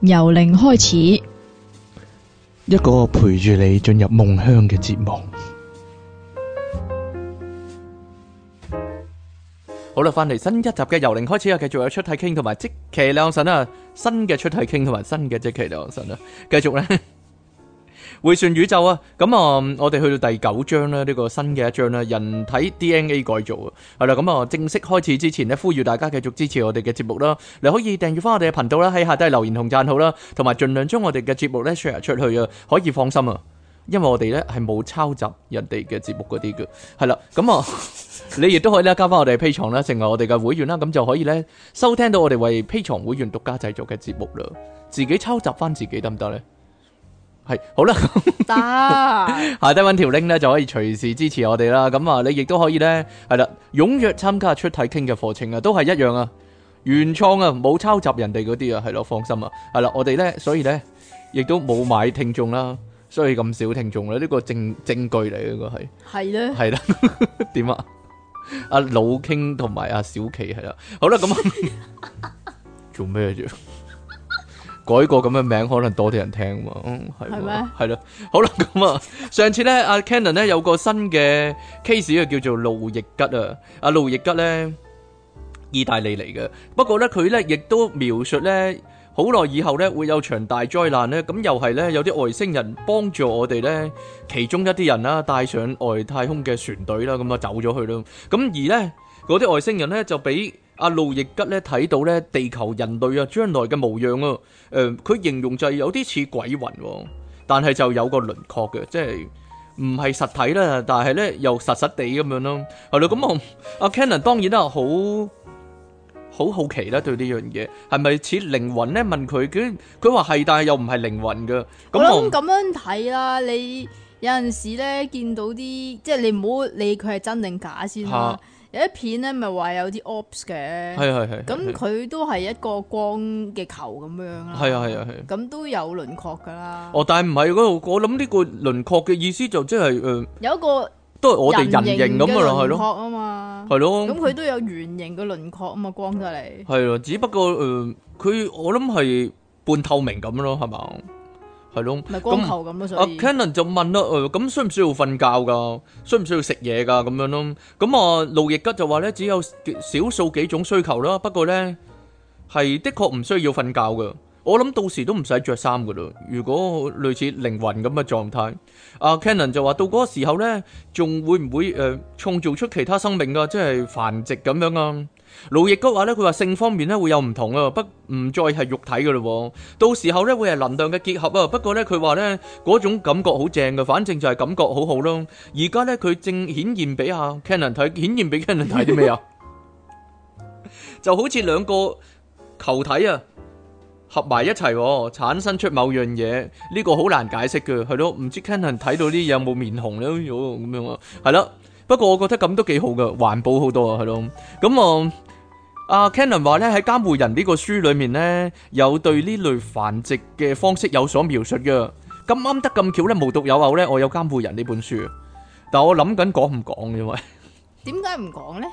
由零開始，一個陪住你進入夢鄉嘅節目。 好啦，翻嚟新一集嘅由零開始啊，繼續有出題傾同埋即期兩神啊，新嘅出題傾同埋新嘅即期兩神啊，繼續啦。 迴旋宇宙啊，咁、嗯、啊，我哋去到第九章啦、啊，呢、這個新嘅一章啦、啊，人體 DNA 改造啊，係啦，咁、嗯、啊，正式開始之前呢，呼籲大家繼續支持我哋嘅節目啦，你可以訂閱翻我哋嘅頻道啦，喺下低留言同讚好啦，同埋盡量將我哋嘅節目咧 share 出去啊，可以放心啊，因為我哋咧係冇抄襲人哋嘅節目嗰啲嘅，係啦，咁、嗯、啊，嗯、 你亦都可以咧加翻我哋嘅 P 床啦，成為我哋嘅會員啦，咁就可以咧收聽到我哋為 P 床會員獨家製作嘅節目啦，自己抄襲翻自己得唔得咧？係好啦，得打 下低揾條 link 咧，就可以隨時支持我哋啦。咁啊，你亦都可以咧，係啦，踴躍參加出體傾嘅課程啊，都係一樣啊，原創啊，冇抄襲人哋嗰啲啊，係咯，放心啊。係啦，我哋咧，所以咧，亦都冇買聽眾啦，所以咁少聽眾咧，呢個證證據嚟，應該係係咧，係啦，點啊？阿老傾同埋阿小琪係啦，好啦，咁啊， 做咩啊？改個咁嘅名，可能多啲人聽嘛，嗯，係咩？係咯，好啦，咁啊，上次咧，阿 Cannon 咧有個新嘅 case 啊，叫做路易吉啊，阿路易吉咧，意大利嚟嘅，不過咧，佢咧亦都描述咧，好耐以後咧會有場大災難咧，咁又係咧，有啲外星人幫助我哋咧，其中一啲人啦，帶上外太空嘅船隊啦，咁啊走咗去咯，咁而咧，嗰啲外星人咧就俾。阿路易吉咧睇到咧地球人類啊將來嘅模樣啊，誒、呃，佢形容就係有啲似鬼魂，但係就有個輪廓嘅，即係唔係實體啦，但係咧又實實地咁樣咯。係、嗯、咯，咁阿 Canon 當然都係好好好奇啦，對呢樣嘢係咪似靈魂咧？問佢，佢佢話係，但係又唔係靈魂㗎。嗯、我諗咁樣睇啦，嗯、你有陣時咧見到啲，即係你唔好理佢係真定假先啦。啊一片咧咪話有啲 ops 嘅，係係係，咁佢都係一個光嘅球咁樣啦，係啊係啊係，咁都有輪廓噶啦。哦，但係唔係，我我諗呢個輪廓嘅意思就即係誒，呃、有一個都係我哋人形嘅輪廓啊嘛，係咯，咁佢都有圓形嘅輪廓啊嘛，光就嚟，係咯、嗯，只不過誒，佢、呃、我諗係半透明咁咯，係嘛。係咯，咪光球咁咯。所以阿 Canon 就問啦，誒咁需唔需要瞓覺噶？需唔需要食嘢噶？咁樣咯。咁啊，路易吉就話咧，只有少數幾種需求啦。不過咧，係的確唔需要瞓覺噶。我諗到時都唔使著衫噶喇。如果類似靈魂咁嘅狀態，阿 Canon 就話到嗰個時候咧，仲會唔會誒創造出其他生命噶？即係繁殖咁樣啊？盧易哥話咧，佢話性方面咧會有唔同啊，不唔再係肉體嘅咯，到時候咧會係能量嘅結合啊。不過咧，佢話咧嗰種感覺好正嘅，反正就係感覺好好咯。而家咧，佢正顯現俾阿 Cannon 睇，顯現俾 Cannon 睇啲咩啊？ 就好似兩個球體啊合埋一齊，產生出某樣嘢，呢、這個好難解釋嘅，係咯。唔知 Cannon 睇到啲有冇面紅咧？咁樣啊，係咯。不過我覺得咁都幾好噶，環保好多啊，係咯。咁我阿 Cannon 話咧，喺監護人呢個書裏面咧，有對呢類繁殖嘅方式有所描述嘅。咁啱得咁巧咧，無獨有偶咧，我有監護人呢本書。但係我諗緊講唔講嘅，因為點解唔講咧？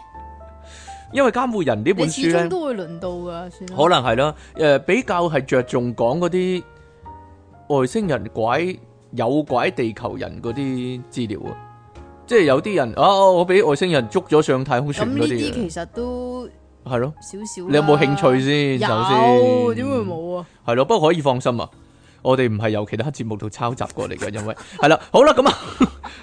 因為監護人呢本書咧都會輪到噶，可能係咯。誒比較係着重講嗰啲外星人拐，誘拐地球人嗰啲資料啊。即係有啲人啊，我俾外星人捉咗上太空船嗰啲人。咁呢啲其實都係咯，少少。你有冇興趣先？有，首先，點會冇啊？係咯，不過可以放心啊。我哋唔係由其他節目度抄襲過嚟嘅，因為係啦，好啦，咁啊，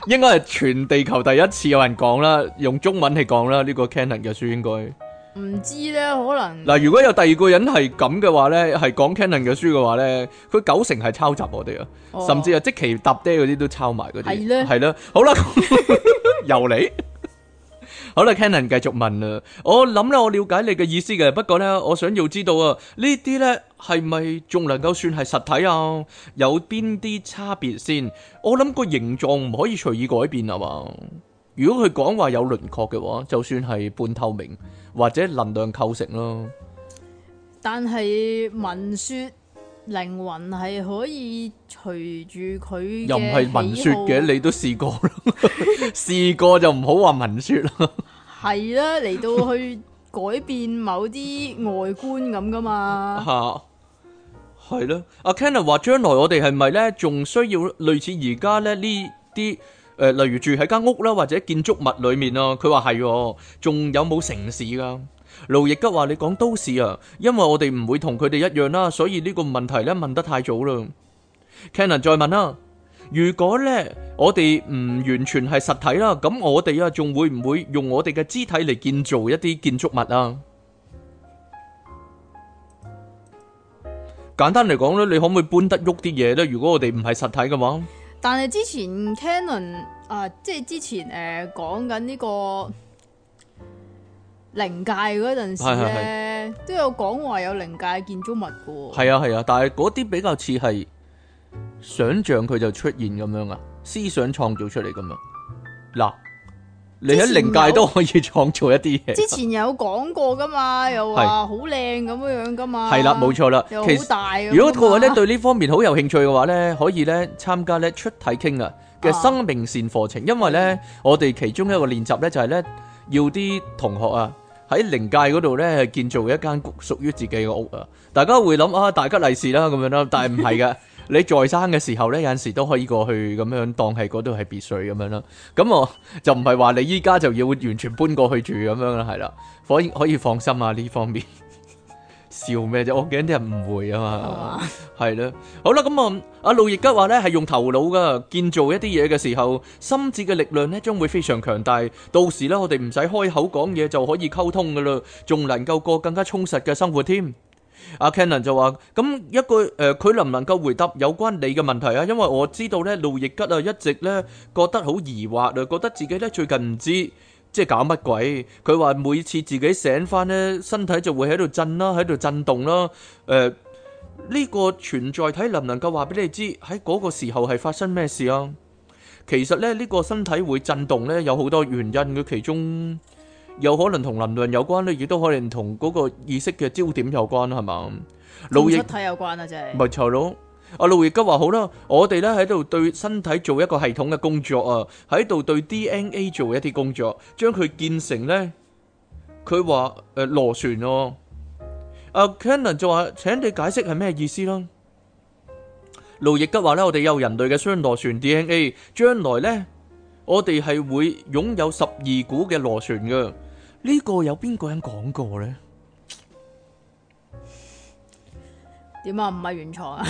應該係全地球第一次有人講啦，用中文嚟講啦，呢個 Canon 嘅書應該。唔知咧，可能嗱，如果有第二個人係咁嘅話咧，係講 Canon 嘅書嘅話咧，佢九成係抄襲我哋啊，oh. 甚至啊即期搭爹嗰啲都抄埋嗰啲，係咧呢，係咯，好啦， 由你。好啦，Canon 繼續問啊。我諗咧，我了解你嘅意思嘅，不過咧，我想要知道啊，呢啲咧係咪仲能夠算係實體啊？有邊啲差別先？我諗個形狀唔可以隨意改變啊嘛。如果佢講話有輪廓嘅話，就算係半透明或者能量構成咯。但係聞說靈魂係可以隨住佢嘅，又唔係聞說嘅，你都試過咯，試 過就唔好話聞說啦。係 啦，嚟到去改變某啲外觀咁噶嘛。係咯、 啊。阿 Kenna 話將來我哋係咪咧，仲需要類似而家咧呢啲？誒，例如住喺間屋啦，或者建築物裏面咯。佢話係，仲有冇城市㗎？盧易吉話：你講都市啊，因為我哋唔會同佢哋一樣啦，所以呢個問題咧問得太早啦。Cannon 再問啦，如果咧我哋唔完全係實體啦，咁我哋啊仲會唔會用我哋嘅肢體嚟建造一啲建築物啊？簡單嚟講咧，你可唔可以搬得喐啲嘢咧？如果我哋唔係實體嘅話？但係之前 Canon 啊，即係之前誒講緊呢個靈界嗰陣時咧，是是是都有講話有靈界建築物嘅喎。係啊係啊，但係嗰啲比較似係想像佢就出現咁樣啊，思想創造出嚟咁樣啊。嗱。你喺靈界都可以創造一啲嘢。之前有講過噶嘛，又話好靚咁樣樣噶嘛。係啦，冇錯啦。其實如果各位咧對呢方面好有興趣嘅話咧，可以咧參加咧出體傾啊嘅生命線課程，因為咧我哋其中一個練習咧就係咧要啲同學啊喺靈界嗰度咧建造一間屬於自己嘅屋啊。大家會諗啊大吉利是啦，咁樣啦，但係唔係嘅。你在生嘅時候咧，有陣時都可以過去咁樣，當係嗰度係別墅咁樣啦。咁我就唔係話你依家就要完全搬過去住咁樣啦，係啦，可以可以放心啊呢方面。笑咩啫？我驚啲人誤會啊嘛，係咯吧。好啦，咁、嗯、啊，阿路易吉話咧係用頭腦噶，建造一啲嘢嘅時候，心智嘅力量咧將會非常強大。到時咧，我哋唔使開口講嘢就可以溝通噶啦，仲能夠過更加充實嘅生活添。阿 Cannon 就話：咁一句誒，佢能唔能夠回答有關你嘅問題啊？因為我知道咧，路易吉啊，一直咧覺得好疑惑啊，覺得自己咧最近唔知即係搞乜鬼。佢話每次自己醒翻咧，身體就會喺度震啦，喺度震動啦。誒，呢個存在體能唔能夠話俾你知喺嗰個時候係發生咩事啊？其實咧，呢個身體會震動咧，有好多原因嘅其中。有可能同能量有關咧，亦都可能同嗰個意識嘅焦點有關啦，係嘛？路易體有關啊，即係唔係柴佬？阿路易吉話好啦，我哋咧喺度對身體做一個系統嘅工作啊，喺度對 DNA 做一啲工作，將佢建成咧。佢話誒，螺旋咯。阿 Kenan 就話，請你解釋係咩意思啦。路易吉話咧，我哋有人類嘅雙螺旋 DNA，將來咧我哋係會擁有十二股嘅螺旋嘅。呢個有邊個人講過咧？點啊？唔係原創啊？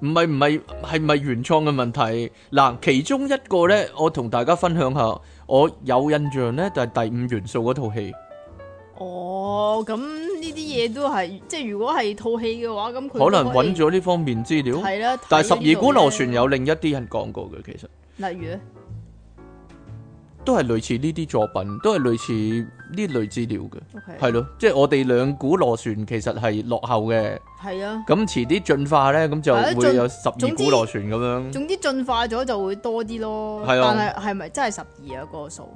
唔係唔係，係唔係原創嘅問題？嗱，其中一個咧，我同大家分享下，我有印象咧，就係第五元素嗰套戲。哦，咁呢啲嘢都係，即係如果係套戲嘅話，咁佢可能揾咗呢方面資料係啦。但係十二股螺旋有另一啲人講過嘅，其實例如都係類似呢啲作品，都係類似。呢類資料嘅，係咯 Okay.，即係我哋兩股螺旋其實係落後嘅，係啊的，咁遲啲進化咧，咁就會有十二股螺旋咁樣。總之進化咗就會多啲咯。係啊的，但係係咪真係十二啊個數？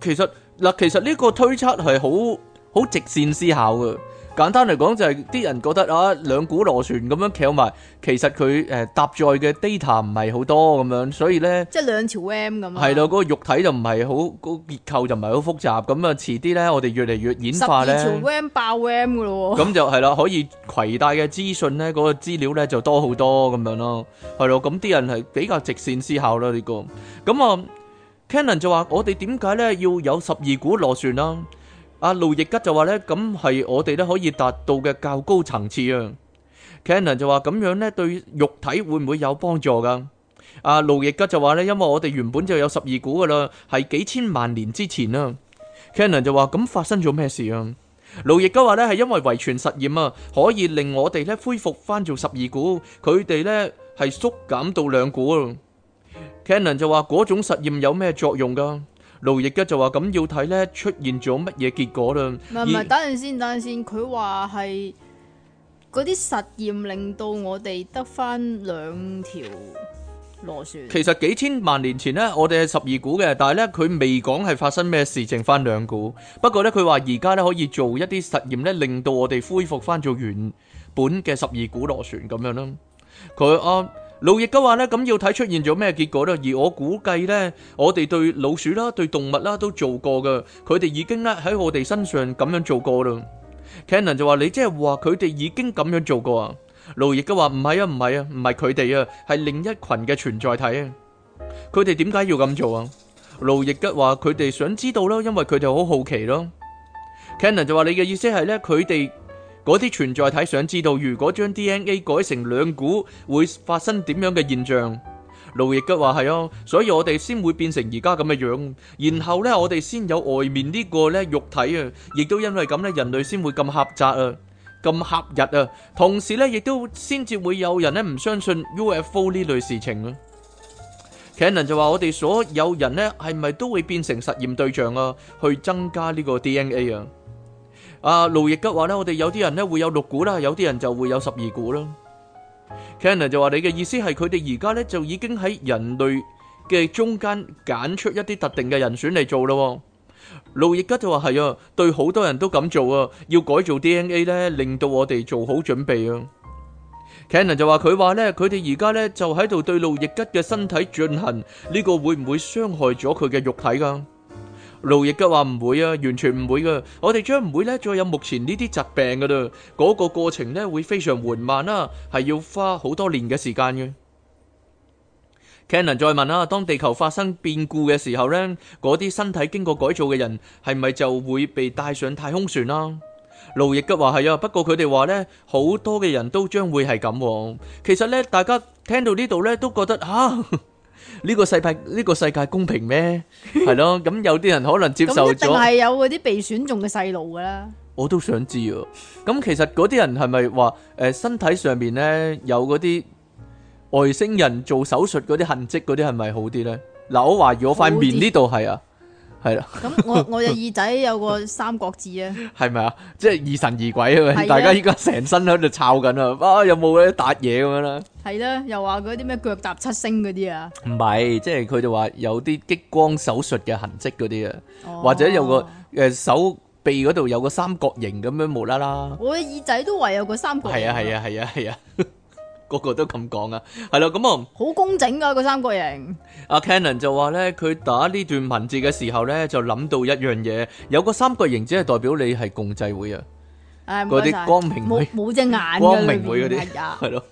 其實嗱，其實呢個推測係好好直線思考嘅。簡單嚟講就係、是、啲人覺得啊兩股螺旋咁樣翹埋，其實佢誒、呃、搭載嘅 data 唔係好多咁樣，所以咧即係兩條 worm 咁啊係咯，嗰、那個肉體就唔係好，那個結構就唔係好複雜，咁啊遲啲咧我哋越嚟越演化咧十二條 worm 爆 worm 噶咯，咁 就係啦，可以攜帶嘅資訊咧，嗰、那個資料咧就多好多咁樣咯，係咯，咁啲人係比較直線思考啦呢、這個，咁啊 Canon 就話我哋點解咧要有十二股螺旋啦？阿盧易吉就話咧，咁係我哋咧可以達到嘅較高層次啊。Cannon 就話咁樣咧對肉體會唔會有幫助噶？阿盧易吉就話咧，因為我哋原本就有十二股噶啦，係幾千萬年之前啊。Cannon 就話咁發生咗咩事啊？盧易吉話咧係因為遺傳實驗啊，可以令我哋咧恢復翻做十二股，佢哋咧係縮減到兩股啊。Cannon 就話嗰種實驗有咩作用噶？盧易吉就話咁要睇咧出現咗乜嘢結果啦。唔係，唔係，等陣先，等陣先。佢話係嗰啲實驗令到我哋得翻兩條螺旋。其實幾千萬年前咧，我哋係十二股嘅，但係咧佢未講係發生咩事情，翻兩股。不過咧佢話而家咧可以做一啲實驗咧，令到我哋恢復翻做原本嘅十二股螺旋咁樣咯。佢啊。路易吉話咧，咁要睇出現咗咩結果喇。而我估計咧，我哋對老鼠啦、對動物啦都做過㗎，佢哋已經咧喺我哋身上咁樣做過啦。Cannon 就話：你即係話佢哋已經咁樣做過啊？路易吉話：唔係啊，唔係啊，唔係佢哋啊，係另一群嘅存在體啊。佢哋點解要咁做啊？路易吉話：佢哋想知道咯，因為佢哋好好奇咯。Cannon 就話：你嘅意思係咧，佢哋？嗰啲存在體想知道，如果將 DNA 改成兩股，會發生點樣嘅現象？路易吉話，係哦，所以我哋先會變成而家咁嘅樣，然後呢，我哋先有外面呢個呢肉體啊，亦都因為咁呢人類先會咁狹窄啊，咁狹日啊，同時呢，亦都先至會有人呢唔相信 UFO 呢類事情啊。Cannon 就話：我哋所有人呢，係咪都會變成實驗對象啊？去增加呢個 DNA 啊？啊路易吉話咧，我哋有啲人咧會有六股啦，有啲人就會有十二股啦。Cannon 就話：你嘅意思係佢哋而家咧就已經喺人類嘅中間揀出一啲特定嘅人選嚟做咯。路易吉就話：係啊，對好多人都咁做啊，要改造 DNA 咧，令到我哋做好準備啊。Cannon 就話：佢話咧，佢哋而家咧就喺度對路易吉嘅身體進行呢個，會唔會傷害咗佢嘅肉體噶？路易吉話唔會啊，完全唔會噶。我哋將唔會咧再有目前呢啲疾病噶啦。嗰個過程咧會非常緩慢啦，係要花好多年嘅時間嘅。Canon 再問啦，當地球發生變故嘅時候咧，嗰啲身體經過改造嘅人係咪就會被帶上太空船啦？路易吉話係啊，不過佢哋話咧好多嘅人都將會係咁。其實咧，大家聽到呢度咧都覺得嚇。啊 呢個世界呢、呢個世界公平咩？係咯， 咁有啲人可能接受咗，一定係有嗰啲被選中嘅細路噶啦。我都想知啊，咁其實嗰啲人係咪話誒身體上面咧有嗰啲外星人做手術嗰啲痕跡嗰啲係咪好啲咧？嗱，我話如果我塊面呢度係啊。.係啦，咁、 嗯、我我隻耳仔有個三角字啊，係咪啊？即係疑神疑鬼啊嘛，大家依家成身喺度抄緊啊！哇、啊，有冇啲打嘢咁樣啦，係啦，又話嗰啲咩腳踏七星嗰啲啊？唔係，即係佢就話有啲激光手術嘅痕迹嗰啲啊，哦、或者有個誒、呃、手臂嗰度有個三角形咁樣無啦啦。我嘅耳仔都唯有個三角，係啊係，啊係，啊係啊。個個都咁講啊，係咯，咁啊，好工整㗎嗰三角形。阿 Canon 就話咧，佢打呢段文字嘅時候咧，就諗到一樣嘢，有個三角形只係代表你係共濟會啊，嗰啲光明會冇隻眼嘅，光明會嗰啲係咯。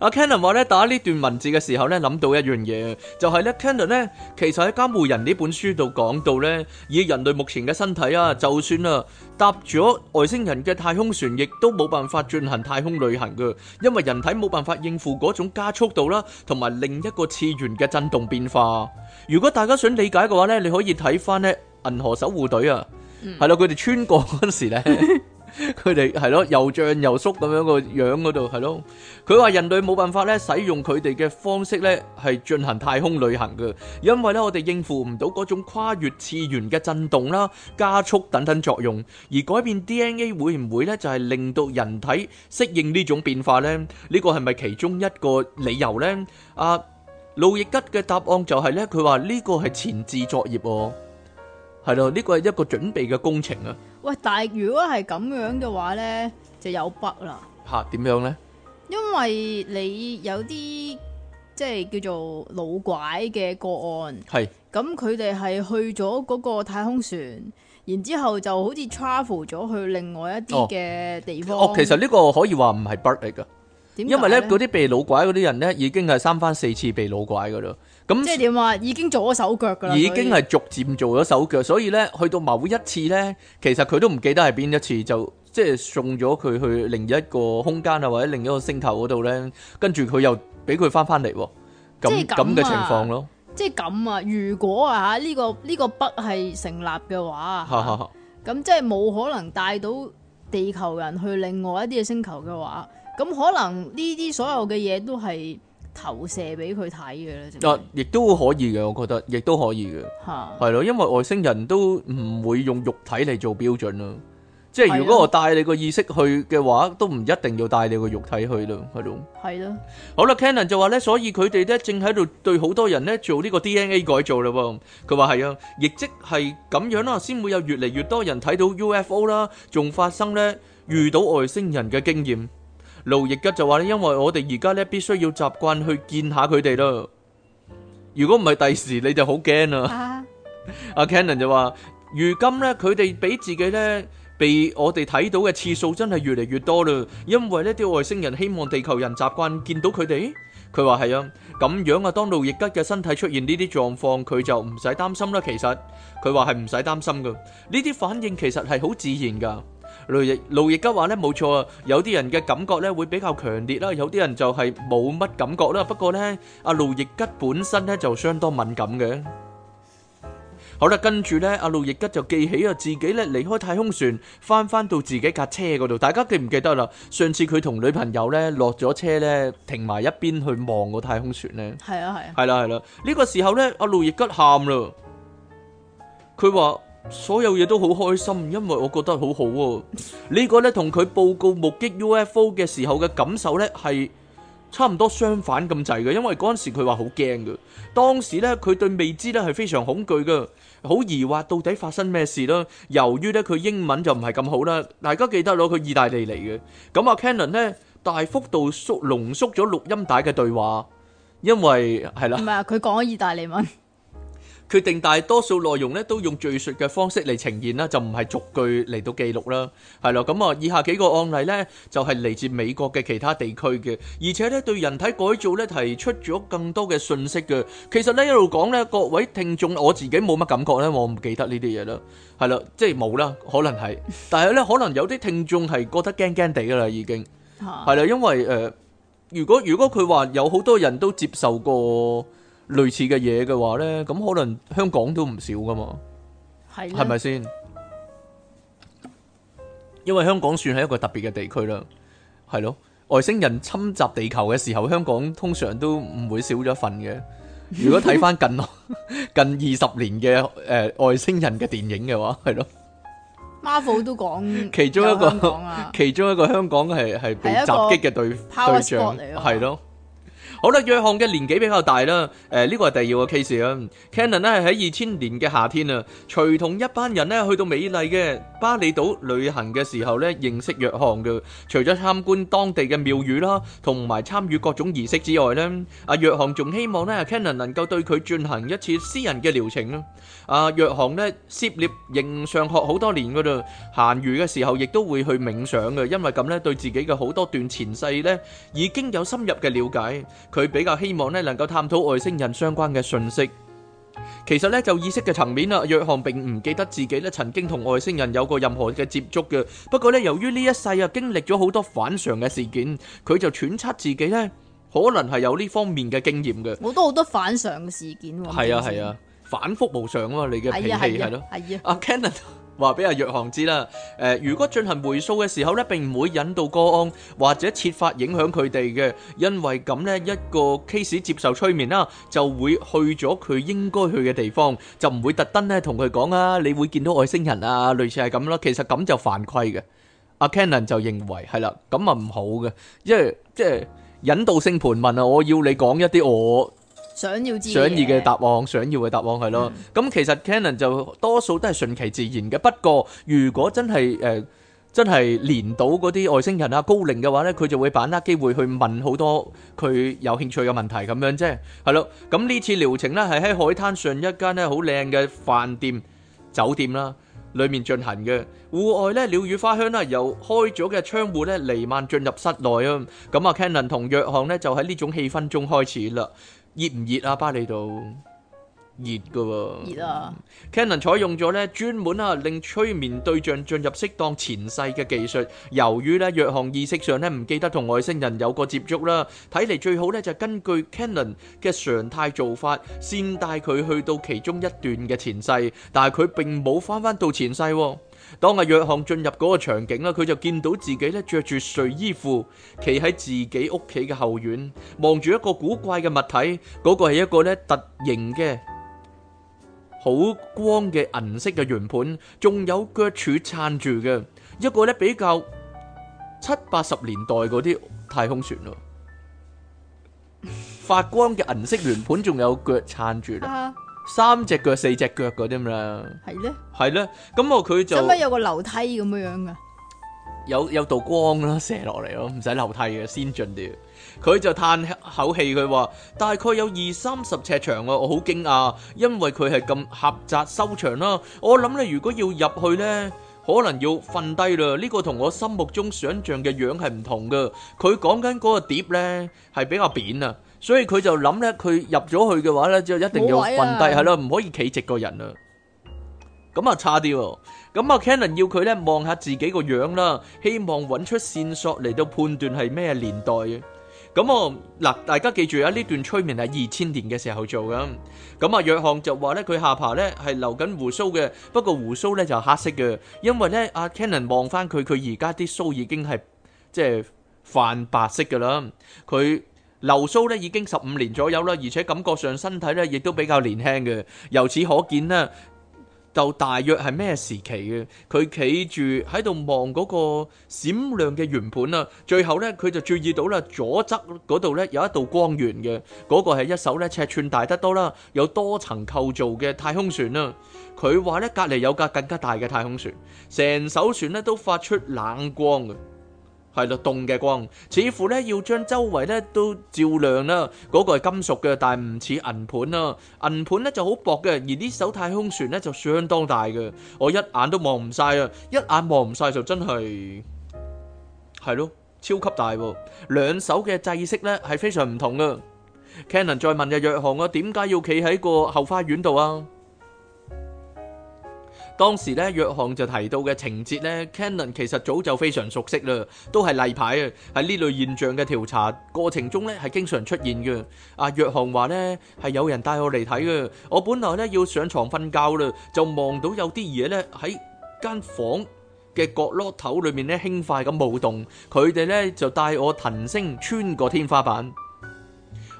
阿 Cannon 話咧，打呢段文字嘅時候咧，諗到一樣嘢，就係、是、咧 Cannon 咧，其實喺《監護人》呢本書度講到咧，以人類目前嘅身體啊，就算啊搭咗外星人嘅太空船，亦都冇辦法進行太空旅行㗎，因為人體冇辦法應付嗰種加速度啦，同埋另一個次元嘅震動變化。如果大家想理解嘅話咧，你可以睇翻咧《銀河守護隊》啊、嗯，係咯，佢哋穿過嗰陣時咧。 佢哋係咯，又脹又縮咁樣個樣嗰度係咯。佢話人類冇辦法咧，使用佢哋嘅方式咧，係進行太空旅行㗎。因為咧，我哋應付唔到嗰種跨越次元嘅震動啦、加速等等作用，而改變 DNA 會唔會咧，就係令到人體適應呢種變化咧？呢個係咪其中一個理由咧？啊，路易吉嘅答案就係咧，佢話呢個係前置作業，係咯，呢個係一個準備嘅工程啊。喂，但係如果係咁樣嘅話呢，就有 bug 啦。吓、啊，點樣呢？因為你有啲即係叫做老拐嘅個案，係咁佢哋係去咗嗰個太空船，然之後就好似 travel 咗去另外一啲嘅地方哦。哦，其實呢個可以話唔係 bug 嚟噶。因為咧嗰啲被老拐嗰啲人咧，已經係三番四次被老拐噶啦。咁即係點話？已經做咗手腳噶啦。已經係逐漸做咗手腳，所以咧去到某一次咧，其實佢都唔記得係邊一次，就即係送咗佢去另一個空間啊，或者另一個星球嗰度咧，跟住佢又俾佢翻翻嚟，咁咁嘅情況咯。即係咁啊！如果啊、吓、呢個呢、呢個筆係成立嘅話，咁 即係冇可能帶到地球人去另外一啲嘅星球嘅話。咁可能呢啲所有嘅嘢都係投射俾佢睇嘅咧，就啊，亦都可以嘅，我覺得，亦都可以嘅，係咯，因為外星人都唔會用肉體嚟做標準咯。即係如果我帶你個意識去嘅話，都唔一定要帶你個肉體去咯，係咯，係咯。好啦，Cannon 就話咧，所以佢哋咧正喺度對好多人咧做呢個 DNA 改造嘞。佢話係啊，亦即係咁樣啦，先會有越嚟越多人睇到 UFO 啦，仲發生咧遇到外星人嘅經驗。路易吉就話咧，因為我哋而家咧必須要習慣去見下佢哋咯。如果唔係第時，你就好驚啦。阿 Cannon 就話，如今咧佢哋俾自己咧被我哋睇到嘅次數真係越嚟越多嘞。因為呢啲外星人希望地球人習慣見到佢哋。佢話係啊，咁樣啊，當路易吉嘅身體出現呢啲狀況，佢就唔使擔心啦。其實佢話係唔使擔心噶，呢啲反應其實係好自然噶。路易路易吉話咧冇錯啊，有啲人嘅感覺咧會比較強烈啦，有啲人就係冇乜感覺啦。不過咧，阿路易吉本身咧就相當敏感嘅。好啦，跟住咧，阿路易吉就記起啊自己咧離開太空船，翻翻到自己架車嗰度。大家記唔記得啦？上次佢同女朋友咧落咗車咧，停埋一邊去望個太空船咧。係啊係啊。係啦係啦，呢個時候咧，阿路易吉喊啦，佢話。所有嘢都好開心，因為我覺得好好喎。呢個咧同佢報告目擊 UFO 嘅時候嘅感受咧係差唔多相反咁滯嘅，因為嗰陣時佢話好驚嘅。當時咧佢對未知咧係非常恐懼嘅，好疑惑到底發生咩事啦。由於咧佢英文就唔係咁好啦，大家記得咯，佢意大利嚟嘅。咁阿 Cannon 咧大幅度縮濃縮咗錄音帶嘅對話，因為係啦，唔係啊，佢講咗意大利文。決定大多數內容咧都用敍述嘅方式嚟呈現啦，就唔係逐句嚟到記錄啦，係咯。咁啊，以下幾個案例咧就係嚟自美國嘅其他地區嘅，而且咧對人體改造咧提出咗更多嘅信息嘅。其實咧一路講咧，各位聽眾我自己冇乜感覺咧，我唔記得呢啲嘢咯，係啦，即係冇啦，可能係。但係咧，可能有啲聽眾係覺得驚驚地㗎啦，已經係啦，因為誒，如果如果佢話有好多人都接受過類似嘅嘢嘅話呢，咁可能香港都唔少噶嘛，係咪先？因為香港算係一個特別嘅地區啦，係咯，外星人侵襲地球嘅時候，香港通常都唔會少咗一份嘅。如果睇翻近近二十年嘅誒外星人嘅電影嘅話，係咯。Marvel 都講其中一個，其中一個香港係係被襲擊嘅對對象嚟咯，係咯。好啦，約翰嘅年紀比較大啦。誒，呢個係第二個 case 啊。Cannon 咧係喺二千年嘅夏天啊，隨同一班人咧去到美麗嘅巴厘島旅行嘅時候咧，認識約翰嘅。除咗參觀當地嘅廟宇啦，同埋參與各種儀式之外咧，阿約翰仲希望咧 Cannon 能夠對佢進行一次私人嘅療程啊。阿約翰咧涉獵形上學好多年㗎啦，閒餘嘅時候亦都會去冥想嘅，因為咁咧對自己嘅好多段前世咧已經有深入嘅瞭解。佢比較希望咧，能夠探討外星人相關嘅信息。其實咧，就意識嘅層面啊，約翰並唔記得自己咧曾經同外星人有過任何嘅接觸嘅。不過咧，由於呢一世又經歷咗好多反常嘅事件，佢就揣測自己咧可能係有呢方面嘅經驗嘅。好多好多反常嘅事件喎。係啊，係啊，反覆無常啊嘛，你嘅脾氣係咯。係啊，阿 Canon。話俾阿約航知啦，誒、呃，如果進行回溯嘅時候咧，並唔會引導個案或者設法影響佢哋嘅，因為咁呢一個 case 接受催眠啦，就會去咗佢應該去嘅地方，就唔會特登咧同佢講啊，你會見到外星人啊，類似係咁咯。其實咁就犯規嘅。阿 Canon 就認為係啦，咁啊唔好嘅，因為即係引導性盤問啊，我要你講一啲我想要、想要嘅答案，想要嘅答案係咯。咁其實 Canon 就多數都係順其自然嘅。不過，如果真係誒，真係連到嗰啲外星人啊高齡嘅話咧，佢就會把握機會去問好多佢有興趣嘅問題咁樣啫。係咯。咁呢次療程咧係喺海灘上一間咧好靚嘅飯店酒店啦，裡面進行嘅。戶外咧鳥語花香啦，由開咗嘅窗戶咧瀰漫進入室內啊。咁啊，Canon 同約翰咧就喺呢種氣氛中開始啦。熱唔熱啊，巴里度？熱嘅喎。熱啊！Cannon 採用咗咧專門啊令催眠對象進入適當前世嘅技術。由於咧約翰意識上咧唔記得同外星人有過接觸啦，睇嚟最好咧就根據 Cannon 嘅常態做法，先帶佢去到其中一段嘅前世。但係佢並冇翻返到前世。當阿約翰進入嗰個場景啦，佢就見到自己咧着住睡衣褲，企喺自己屋企嘅後院，望住一個古怪嘅物體。嗰、嗰個係一個咧凸形嘅、好光嘅銀色嘅圓盤，仲有腳柱撐住嘅一個咧比較七八十年代嗰啲太空船咯，發光嘅銀色圓盤仲有腳撐住啦。 三隻腳四隻腳嗰啲咪啦，係咧呢，係咧。咁我佢就做乜有個樓梯咁樣樣噶？有，有道光啦，射落嚟咯，唔使樓梯嘅，先進啲。佢就嘆口氣，佢話：大概有二三十尺長啊！我好驚訝，因為佢係咁狹窄收長啦、啊。我諗你如果要入去咧，可能要瞓低啦。呢個同我心目中想象嘅樣係唔同嘅。佢講緊嗰個碟咧，係比較扁啊。所以佢就諗咧，佢入咗去嘅話咧，就一定要瞓低係咯，唔可以企直個人啊。咁啊差啲，咁啊 Cannon 要佢咧望下自己個樣啦，希望揾出線索嚟到判斷係咩年代啊。咁我嗱，大家記住啊，呢段催眠係二千年嘅時候做噶。咁啊約翰就話咧，佢下巴咧係留緊鬍鬚嘅，不過鬍鬚咧就黑色嘅，因為咧阿 Cannon 望翻佢，佢而家啲鬚已經係即係泛白色噶啦，佢。流蘇咧已經十五年左右啦，而且感覺上身體咧亦都比較年輕嘅。由此可見呢，就大約係咩時期嘅？佢企住喺度望嗰個閃亮嘅圓盤啦，最後咧佢就注意到啦，左側嗰度咧有一道光源嘅，嗰個係一艘咧尺寸大得多啦，有多層構造嘅太空船啦。佢話咧隔離有架更加大嘅太空船，成艘船咧都發出冷光嘅。係咯，凍嘅光，似乎咧要將周圍咧都照亮啦。嗰個係金屬嘅，但係唔似銀盤啦。銀盤咧就好薄嘅，而呢艘太空船咧就相當大嘅，我一眼都望唔曬啊！一眼望唔曬就真係，係咯，超級大喎。兩手嘅制式咧係非常唔同啊。Cannon 再問嘅約翰啊，點解要企喺個後花園度啊？當時咧，約翰就提到嘅情節咧，Cannon 其實早就非常熟悉嘞，都係例牌啊！喺呢類現象嘅調查過程中咧，係經常出現嘅。啊，約翰話咧，係有人帶我嚟睇嘅，我本來咧要上床瞓覺嘞，就望到有啲嘢咧喺間房嘅角落頭裏面咧輕快咁舞動，佢哋咧就帶我騰升穿過天花板。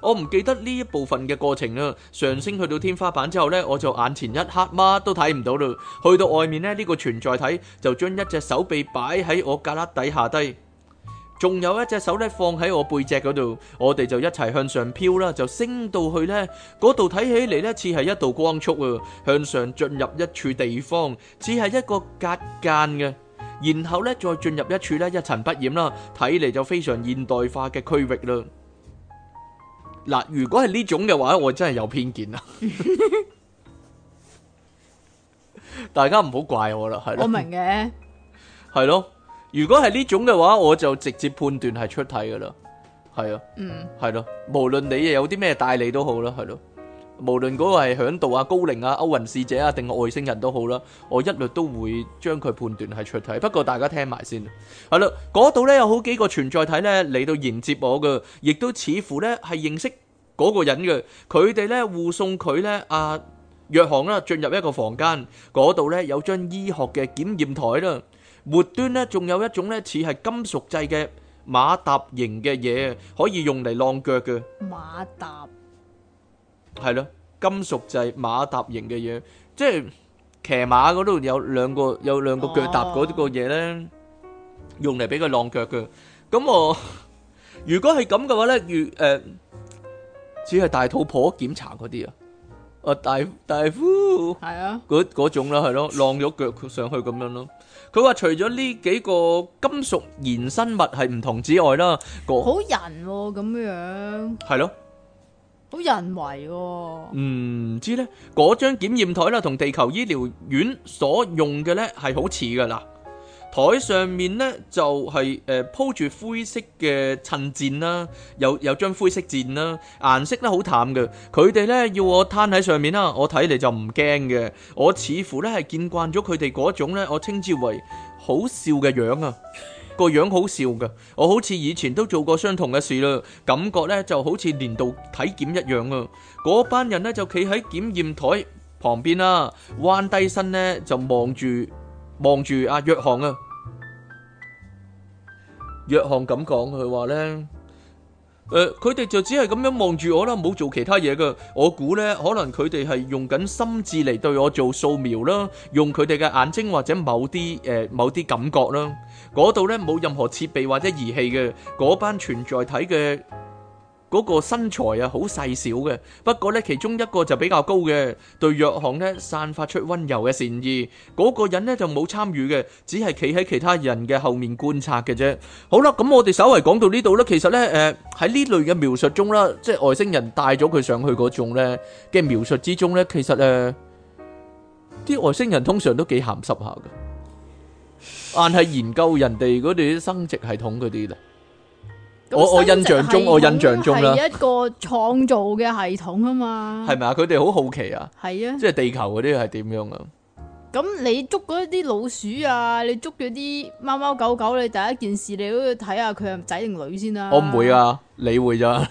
我唔記得呢一部分嘅過程啦，啊，上升去到天花板之後呢，我就眼前一黑，乜都睇唔到嘞。去到外面呢，呢、這個存在體就將一隻手臂擺喺我架肋底下低，仲有一隻手咧放喺我背脊嗰度，我哋就一齊向上飄啦，就升到去呢嗰度睇起嚟呢，似係一道光束啊，向上進入一處地方，似係一個隔間嘅，然後呢，再進入一處呢，一塵不染啦，睇嚟就非常現代化嘅區域嘞。嗱，如果係呢種嘅話，我真係有偏見啦。 大家唔好怪我啦，係咯。我明嘅，係咯。如果係呢種嘅話，我就直接判斷係出體噶啦，係啊，嗯，係咯。無論你又有啲咩帶嚟都好啦，係咯。無論嗰個係響度啊、高齡啊、歐運使者啊，定係外星人都好啦，我一律都會將佢判斷係出體。不過大家聽埋先。係啦，嗰度咧有好幾個存在體咧嚟到迎接我嘅，亦都似乎咧係認識嗰個人嘅。佢哋咧護送佢咧啊約翰啦進入一個房間，嗰度咧有張醫學嘅檢驗台啦，末端咧仲有一種咧似係金屬製嘅馬踏型嘅嘢，可以用嚟晾腳嘅馬踏。係咯，金屬就係馬踏型嘅嘢，即係騎馬嗰度有兩個有兩個腳踏嗰啲個嘢咧，啊、用嚟俾佢晾腳嘅。咁我如果係咁嘅話咧，越誒只係大肚婆檢查嗰啲啊，啊大大夫係啊，嗰嗰種啦，係咯，晾咗腳上去咁樣咯。佢話除咗呢幾個金屬延伸物係唔同之外啦，嗰個好人咁、哦、樣係咯。好人為喎，唔、嗯、知呢。嗰張檢驗台啦，同地球醫療院所用嘅呢係好似噶啦。台上面呢就係誒鋪住灰色嘅襯墊啦，有又張灰色墊啦，顏色咧好淡嘅。佢哋呢要我攤喺上面啦，我睇嚟就唔驚嘅。我似乎呢係見慣咗佢哋嗰種呢，我稱之為好笑嘅樣啊。個樣好笑噶，我好似以前都做過相同嘅事啦，感覺咧就好似年度體檢一樣啊！嗰班人咧就企喺檢驗台旁邊啦，彎低身咧就望住望住阿約翰啊。約翰咁講，佢話咧，誒，佢哋就只係咁樣望住我啦，冇做其他嘢噶。我估咧，可能佢哋係用緊心智嚟對我做掃描啦，用佢哋嘅眼睛或者某啲誒某啲感覺啦。嗰度咧冇任何設備或者儀器嘅，嗰班存在體嘅嗰個身材啊好細小嘅，不過咧其中一個就比較高嘅，對約翰呢，散發出溫柔嘅善意。嗰、嗰個人咧就冇參與嘅，只係企喺其他人嘅後面觀察嘅啫。好啦，咁我哋稍微講到呢度啦。其實咧，誒喺呢類嘅描述中啦，即係外星人帶咗佢上去嗰種咧嘅描述之中咧，其實誒啲、呃、外星人通常都幾鹹濕下嘅。但係研究人哋嗰啲生殖系統嗰啲啦，我我印象中，我印象中啦，一個創造嘅系統啊嘛，係咪啊？佢哋好好奇啊，係啊，即係地球嗰啲係點樣啊？咁你捉嗰啲老鼠啊，你捉咗啲貓貓狗狗，你第一件事你都要睇下佢係仔定女先啦，啊。我唔會啊，你會咋？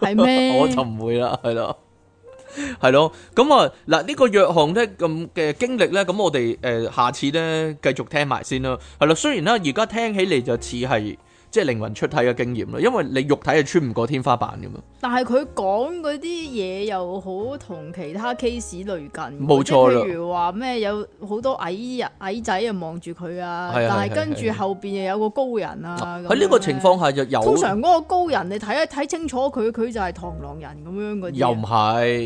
係 咩嗎？我就唔會啦，係咯。係咯，咁 啊，嗱、這、呢個約翰咧咁嘅經歷咧，咁我哋誒、呃、下次咧繼續聽埋先啦。係啦，雖然咧而家聽起嚟就似係。即係靈魂出體嘅經驗咯，因為你肉體係穿唔過天花板咁嘛。但係佢講嗰啲嘢又好同其他 case 類近，冇錯，譬如話咩有好多矮矮仔啊望住佢啊，是的 但係跟住後邊又有個高人啊。喺呢的樣個情況下又通常嗰個高人，你睇一睇清楚佢，佢就係螳螂人咁樣嗰啲。又唔係，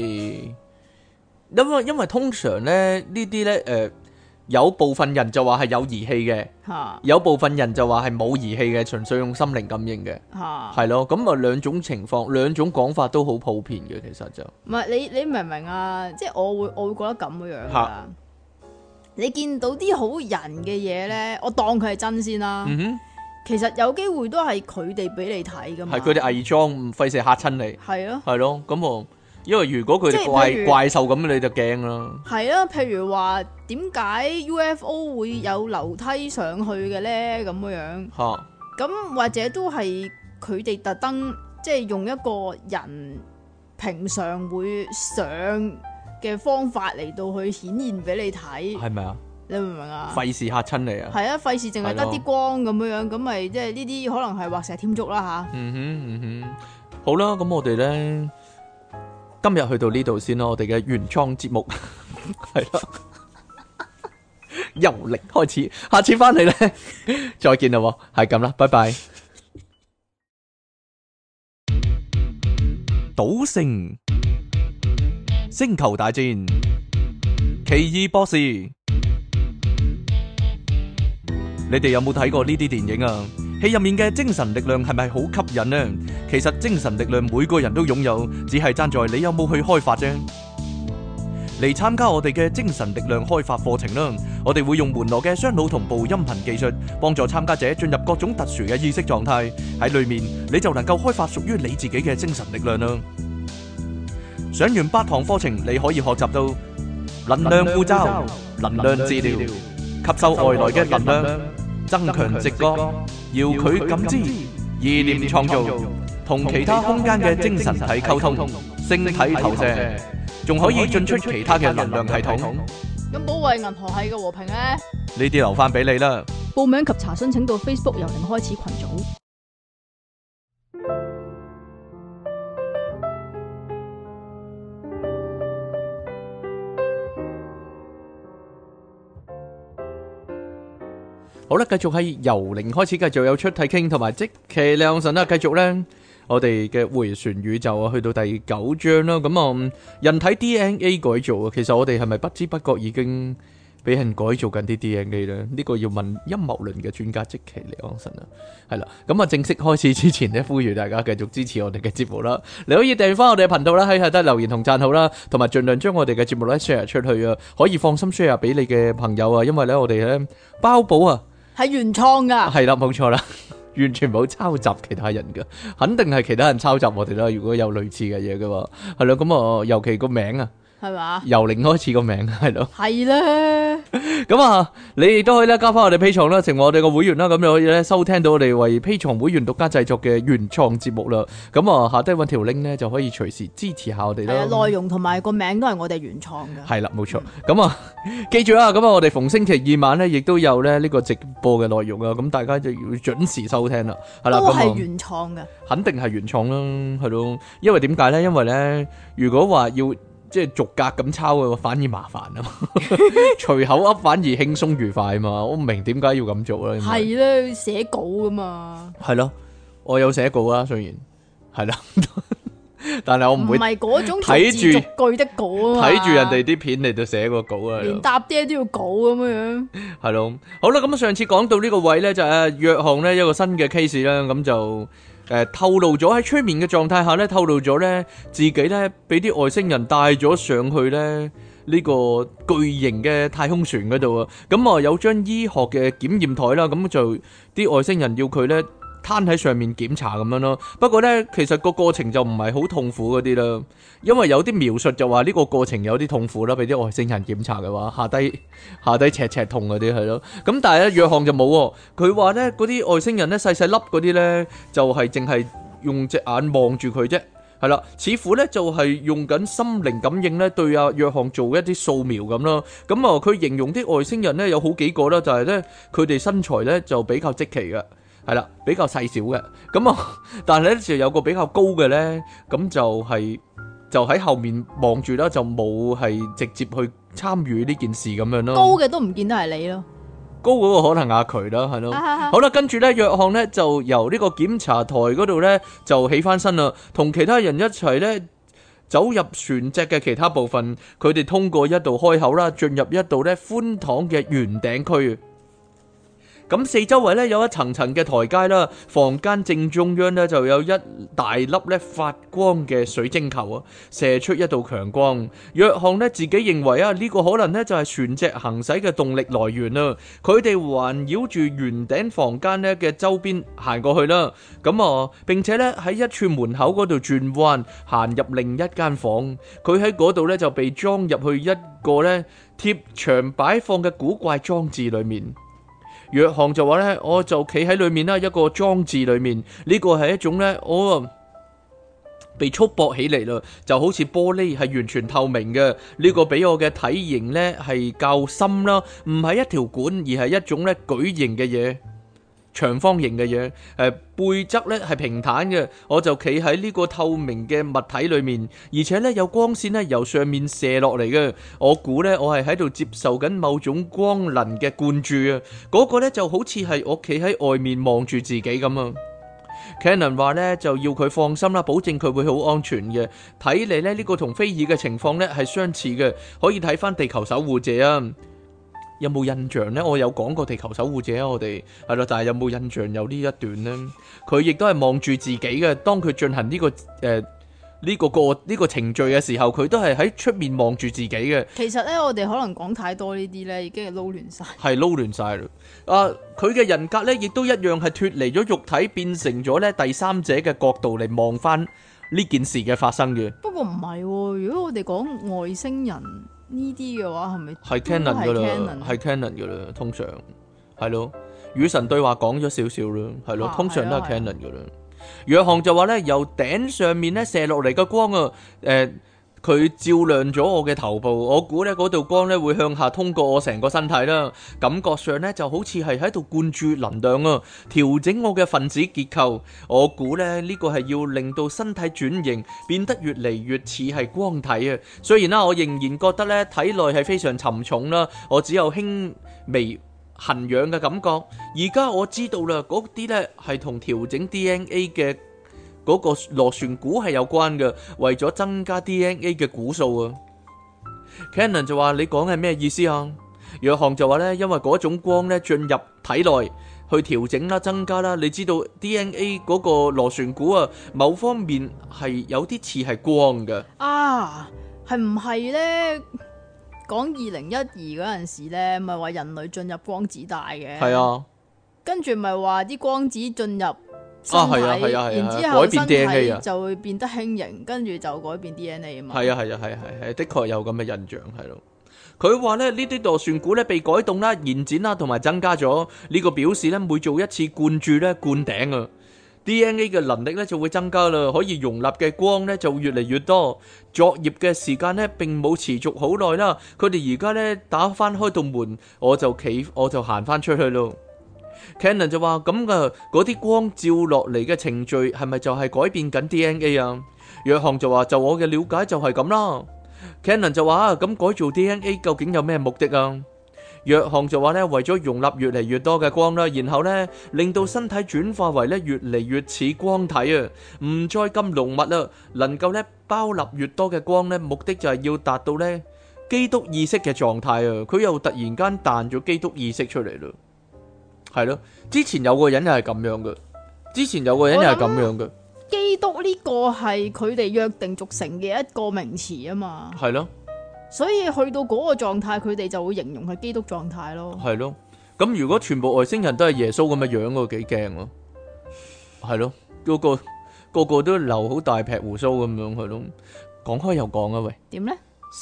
因為因為通常咧呢啲咧誒。有部分人就話係有儀器嘅，有部分人就話係冇儀器嘅，純粹用心靈感應嘅，係咯，咁啊兩種情況，兩種講法都好普遍嘅，其實就唔係你你明唔明啊？即係我會我會覺得咁嘅樣噶，你見到啲好人嘅嘢咧，我當佢係真先啦。其實有機會都係佢哋俾你睇噶嘛，係佢哋偽裝，唔費事吓親你，係咯，係咯，咁我。因為如果佢哋怪如怪獸咁，你就驚啦。係啊，譬如話點解 UFO 會有樓梯上去嘅咧？咁樣樣，咁哈或者都係佢哋特登即係用一個人平常會上嘅方法嚟到去顯現俾你睇，係咪啊？你明唔明啊？費事吓親你啊！係啊，費事淨係得啲光咁樣的樣，咁咪即係呢啲可能係畫蛇添足啦吓。嗯哼，嗯哼，好啦，咁我哋咧。今日去到呢度先咯，我哋嘅原創節目係啦， 了 由零開始，下次翻嚟咧再見啦，係咁啦，拜拜。賭 聖、星球大戰、奇異博士，你哋有冇睇過呢啲電影啊？喺電影入面嘅精神力量係咪好吸引呢？其實精神力量每個人都擁有，只係站在你有冇去開發啫。嚟參加我哋嘅精神力量開發課程啦！我哋會用門羅嘅雙腦同步音頻技術，幫助參加者進入各種特殊嘅意識狀態。喺裏面你就能夠開發屬於你自己嘅精神力量啦。上完八堂課程，你可以學習到能量護罩、能量治療、吸收外來嘅能量。增強直覺，遙距感知，意念創造，同其他空間嘅精神體溝通，星體投射，仲可以進出其他嘅能量系統。咁保衛銀河系嘅和平咧？呢啲留翻俾你啦。報名及查詢請到 Facebook 由零開始群組。好啦，繼續喺由零開始，繼續有出體傾，同埋即其利昂神啊，繼續咧，我哋嘅回旋宇宙啊，去到第九章啦。咁、嗯、啊，人體 DNA 改造啊，其實我哋係咪不知不覺已經俾人改造緊啲 DNA 咧？呢、這個要問陰謀論嘅專家即其利昂神啊。係啦，咁、嗯、啊，正式開始之前咧，呼籲大家繼續支持我哋嘅節目啦。你可以訂翻我哋嘅頻道啦，喺下低留言同讚好啦，同埋盡量將我哋嘅節目咧 share 出去啊，可以放心 share 俾你嘅朋友啊，因為咧我哋咧包保啊。係原創噶，係啦冇錯啦，完全冇抄襲其他人噶，肯定係其他人抄襲我哋啦。如果有類似嘅嘢嘅，係咯，咁、嗯、啊，尤其個名啊，係嘛吧，由零開始個名係咯，係啦。咁 啊，你亦都可以咧加翻我哋 P 場啦，成為我哋個會員啦，咁就可以咧收聽到我哋為 P 場會員獨家製作嘅原創節目啦。咁啊，下低搵條 link 咧就可以隨時支持下我哋啦。誒，內容同埋個名都係我哋原創嘅。係啦、嗯，冇錯。咁啊，記住啦，咁啊，我哋逢星期二晚咧亦都有咧呢個直播嘅內容啊，咁大家就要準時收聽啦。係啦，都係原創嘅、啊。肯定係原創啦，係咯，因為點解咧？因為咧，如果話要。即係逐格咁抄嘅，反而麻煩啊 嘛，隨口噏反而輕鬆愉快啊嘛，我唔明點解要咁做咧？係啦，寫稿啊嘛，係咯，我有寫稿啊，雖然係啦， 但係我唔會著，唔係嗰種逐字逐句的稿啊，睇住人哋啲片嚟到寫個稿啊，連搭啲都要稿咁樣，係咯，好啦，咁上次講到呢個位咧，就阿、是啊、約紅咧有一個新嘅 case 啦，咁就。誒透露咗喺催眠嘅狀態下咧，透露咗咧自己咧俾啲外星人帶咗上去咧呢、這個巨型嘅太空船嗰度啊！咁、嗯、啊、呃、有張醫學嘅檢驗台啦，咁就啲外星人要佢咧。攤喺上面檢查咁樣咯，不過咧其實個過程就唔係好痛苦嗰啲啦，因為有啲描述就話呢個過程有啲痛苦啦，俾啲外星人檢查嘅話，下低下低赤赤痛嗰啲係咯，咁但係咧約翰就冇，佢話咧嗰啲外星人咧細細粒嗰啲咧就係淨係用隻眼望住佢啫，係啦，似乎咧就係用緊心靈感應咧對阿約翰做一啲掃描咁咯，咁啊佢形容啲外星人咧有好幾個啦，就係咧佢哋身材咧就比較積奇嘅。係啦，比較細小嘅，咁啊，但係咧就有個比較高嘅咧，咁就係就喺後面望住啦，就冇係直接去參與呢件事咁樣咯。高嘅都唔見得係你咯，高嗰個可能阿渠啦，係咯。好啦，跟住咧，約翰咧就由呢個檢查台嗰度咧就起返身啦，同其他人一齊咧走入船隻嘅其他部分，佢哋通過一道開口啦，進入一道咧寬敞嘅圓頂區。咁四周圍咧有一層層嘅台階啦，房間正中央呢就有一大粒咧發光嘅水晶球啊，射出一道強光。約翰呢自己認為啊，呢個可能呢就係船隻行駛嘅動力來源啦。佢哋環繞住圓頂房間呢嘅周邊行過去啦，咁啊，並且呢喺一處門口嗰度轉彎，行入另一間房。佢喺嗰度呢就被裝入去一個呢貼牆擺放嘅古怪裝置裏面。約翰就話咧，我就企喺裏面啦，一個裝置裏面，呢個係一種咧，我被束縛起嚟啦，就好似玻璃係完全透明嘅，呢個俾我嘅體型咧係較深啦，唔係一條管，而係一種咧矩形嘅嘢。長方形嘅嘢誒背側咧係平坦嘅，我就企喺呢個透明嘅物體裏面，而且咧有光線咧由上面射落嚟嘅，我估咧我係喺度接受緊某種光能嘅灌注啊！嗰個咧就好似係我企喺外面望住自己咁啊！Canon 話咧就要佢放心啦，保證佢會好安全嘅。睇嚟咧呢個同飛爾嘅情況咧係相似嘅，可以睇翻地球守護者啊！有冇印象呢？我有講過地球守護者，我哋係咯，但係有冇印象有呢一段呢？佢亦都係望住自己嘅。當佢進行呢、呢個誒呢、呃呢個個呢、呢個程序嘅時候，佢都係喺出面望住自己嘅。其實呢，我哋可能講太多呢啲呢，已經係撈亂晒。係撈亂晒啦！啊，佢、呃、嘅人格呢，亦都一樣係脱離咗肉體，變成咗呢第三者嘅角度嚟望翻呢件事嘅發生嘅。不過唔係喎，如果我哋講外星人。呢啲嘅話係咪係 Canon 噶啦？係 Canon 噶啦，通常係咯。與神對話講咗少少啦，係咯，啊、通常都係 Canon 噶啦。約翰、啊啊、就話咧，由頂上面咧射落嚟嘅光啊，誒、呃。佢照亮咗我嘅頭部，我估呢嗰道光咧會向下通過我成個身體啦，感覺上呢，就好似係喺度灌注能量啊，調整我嘅分子結構。我估呢，呢個係要令到身體轉型，變得越嚟越似係光體啊。雖然啦，我仍然覺得呢體內係非常沉重啦，我只有輕微痕癢嘅感覺。而家我知道啦，嗰啲呢係同調整 DNA 嘅。嗰個螺旋股係有關嘅，為咗增加 DNA 嘅股數啊。Cannon 就話：你講係咩意思啊？約翰就話呢，因為嗰種光呢進入體內去調整啦、增加啦。你知道 DNA 嗰個螺旋股啊，某方面係有啲似係光嘅。啊，係唔係呢？講二零一二嗰陣時咧，咪話人類進入光子帶嘅。係啊。跟住咪話啲光子進入。啊，係啊，係啊，係啊，然後 改變 DNA 啊，就會變得輕盈，跟住就改變 DNA 啊。係啊，係啊，係係係，的確有咁嘅印象，係咯，啊。佢話咧，呢啲螺旋股咧被改動啦、延展啦，同埋增加咗呢、呢個表示咧，每做一次灌注咧，灌頂啊，DNA 嘅能力咧就會增加啦，可以容納嘅光咧就越嚟越多。作業嘅時間咧並冇持續好耐啦。佢哋而家咧打翻開道門，我就企我就行翻出去咯。Cannon 就話，咁嘅嗰啲光照落嚟嘅程序係咪就係改變緊 DNA 啊？約翰就話，就我嘅了解就係咁啦。Cannon 就話，咁改造 DNA 究竟有咩目的啊？約翰就話咧為咗容納越嚟越多嘅光啦，然後咧令到身體轉化為咧越嚟越似光體啊，唔再咁濃密啦，能夠咧包納越多嘅光咧，目的就係要達到咧基督意識嘅狀態啊！佢又突然間彈咗基督意識出嚟嘞。係咯，之前有個人又係咁樣嘅，之前有個人又係咁樣嘅。基督呢個係佢哋約定俗成嘅一個名詞啊嘛。係咯，所以去到嗰個狀態，佢哋就會形容係基督狀態咯。係咯，咁如果全部外星人都係耶穌咁嘅樣，我幾驚咯。係咯，個個個個都留好大撇鬍鬚咁樣，係咯。講開又講啊，喂，點呢？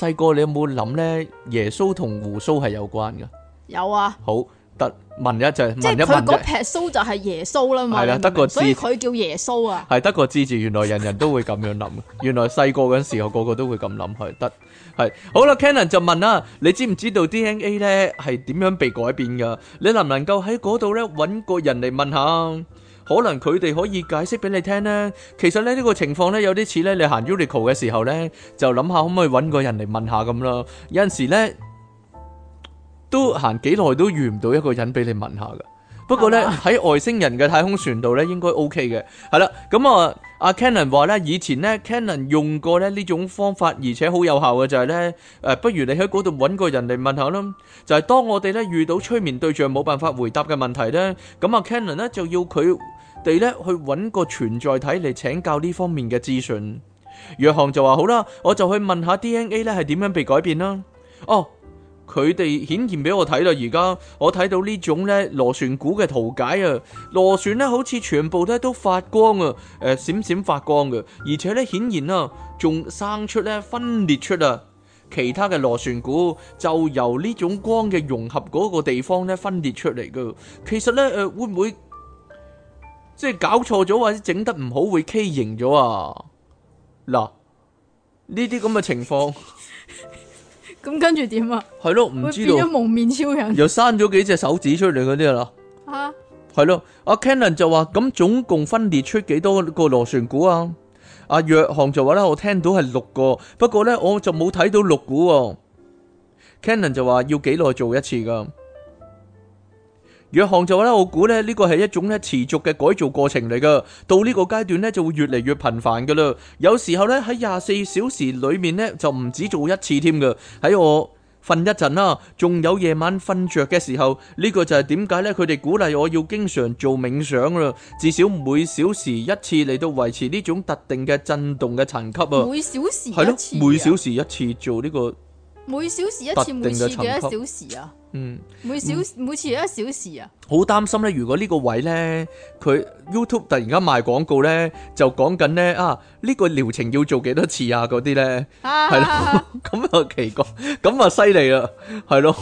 細個你有冇諗呢？耶穌同鬍鬚係有關噶？有啊。好。得問一陣，即係佢個撇蘇就係耶穌啦嘛，係啦，得個字，佢叫耶穌啊，係得個字字，原來人人都會咁樣諗，原來細個嗰陣時候個個都會咁諗，係得，係好啦，Cannon 就問啦，你知唔知道 DNA 咧係點樣被改變㗎？你能唔能夠喺嗰度咧揾個人嚟問下？可能佢哋可以解釋俾你聽咧。其實咧呢個情況咧有啲似咧你行 Uniqlo 嘅時候咧，就諗下可唔可以揾個人嚟問下咁咯。有陣時咧。都行幾耐都遇唔到一個人俾你問下噶。不過呢，喺 外星人嘅太空船度咧，應該 OK 嘅。係啦，咁、嗯、啊阿 Cannon 話呢，以前咧 Cannon 用過咧呢種方法，而且好有效嘅就係呢：呃「誒不如你喺嗰度揾個人嚟問下啦。就係、是、當我哋咧遇到催眠對象冇辦法回答嘅問題呢，咁、嗯、啊 Cannon 呢就要佢哋咧去揾個存在體嚟請教呢方面嘅資訊。約翰就話好啦，我就去問下 DNA 呢係點樣被改變啦。哦。佢哋顯現俾我睇啦，而家我睇到呢種咧螺旋股嘅圖解啊，螺旋咧好似全部咧都發光啊，誒、呃、閃閃發光嘅，而且咧顯然啊，仲生出咧分裂出啊，其他嘅螺旋股就由呢種光嘅融合嗰個地方咧分裂出嚟㗎，其實咧誒、呃、會唔會即係搞錯咗或者整得唔好會畸形咗啊？嗱，呢啲咁嘅情況。 咁跟住點啊？係咯，唔知道會變咗蒙面超人，又生咗幾隻手指出嚟嗰啲啦。吓、啊？係咯，阿 Cannon 就話：咁總共分裂出幾多個螺旋股啊？阿、啊、若航就話啦：我聽到係六個，不過咧我就冇睇到六股喎、啊。Cannon 就話：要幾耐做一次噶？約翰就話咧，我估咧呢個係一種咧持續嘅改造過程嚟噶，到呢個階段咧就會越嚟越頻繁噶啦。有時候咧喺廿四小時裏面咧就唔止做一次添噶。喺我瞓一陣啦，仲有夜晚瞓着嘅時候，呢、這個就係點解咧？佢哋鼓勵我要經常做冥想啦，至少每小時一次嚟到維持呢種特定嘅震動嘅層級啊！每小時一次，的每小時一次做呢個每，每小時一次，每次幾多小時啊。嗯，每小時每次一小時啊！好擔心咧，如果呢個位咧，佢 YouTube 突然間賣廣告咧，就講緊咧啊，呢個療程要做幾多次啊？嗰啲咧，係咯，咁又奇怪，咁啊犀利啦，係咯，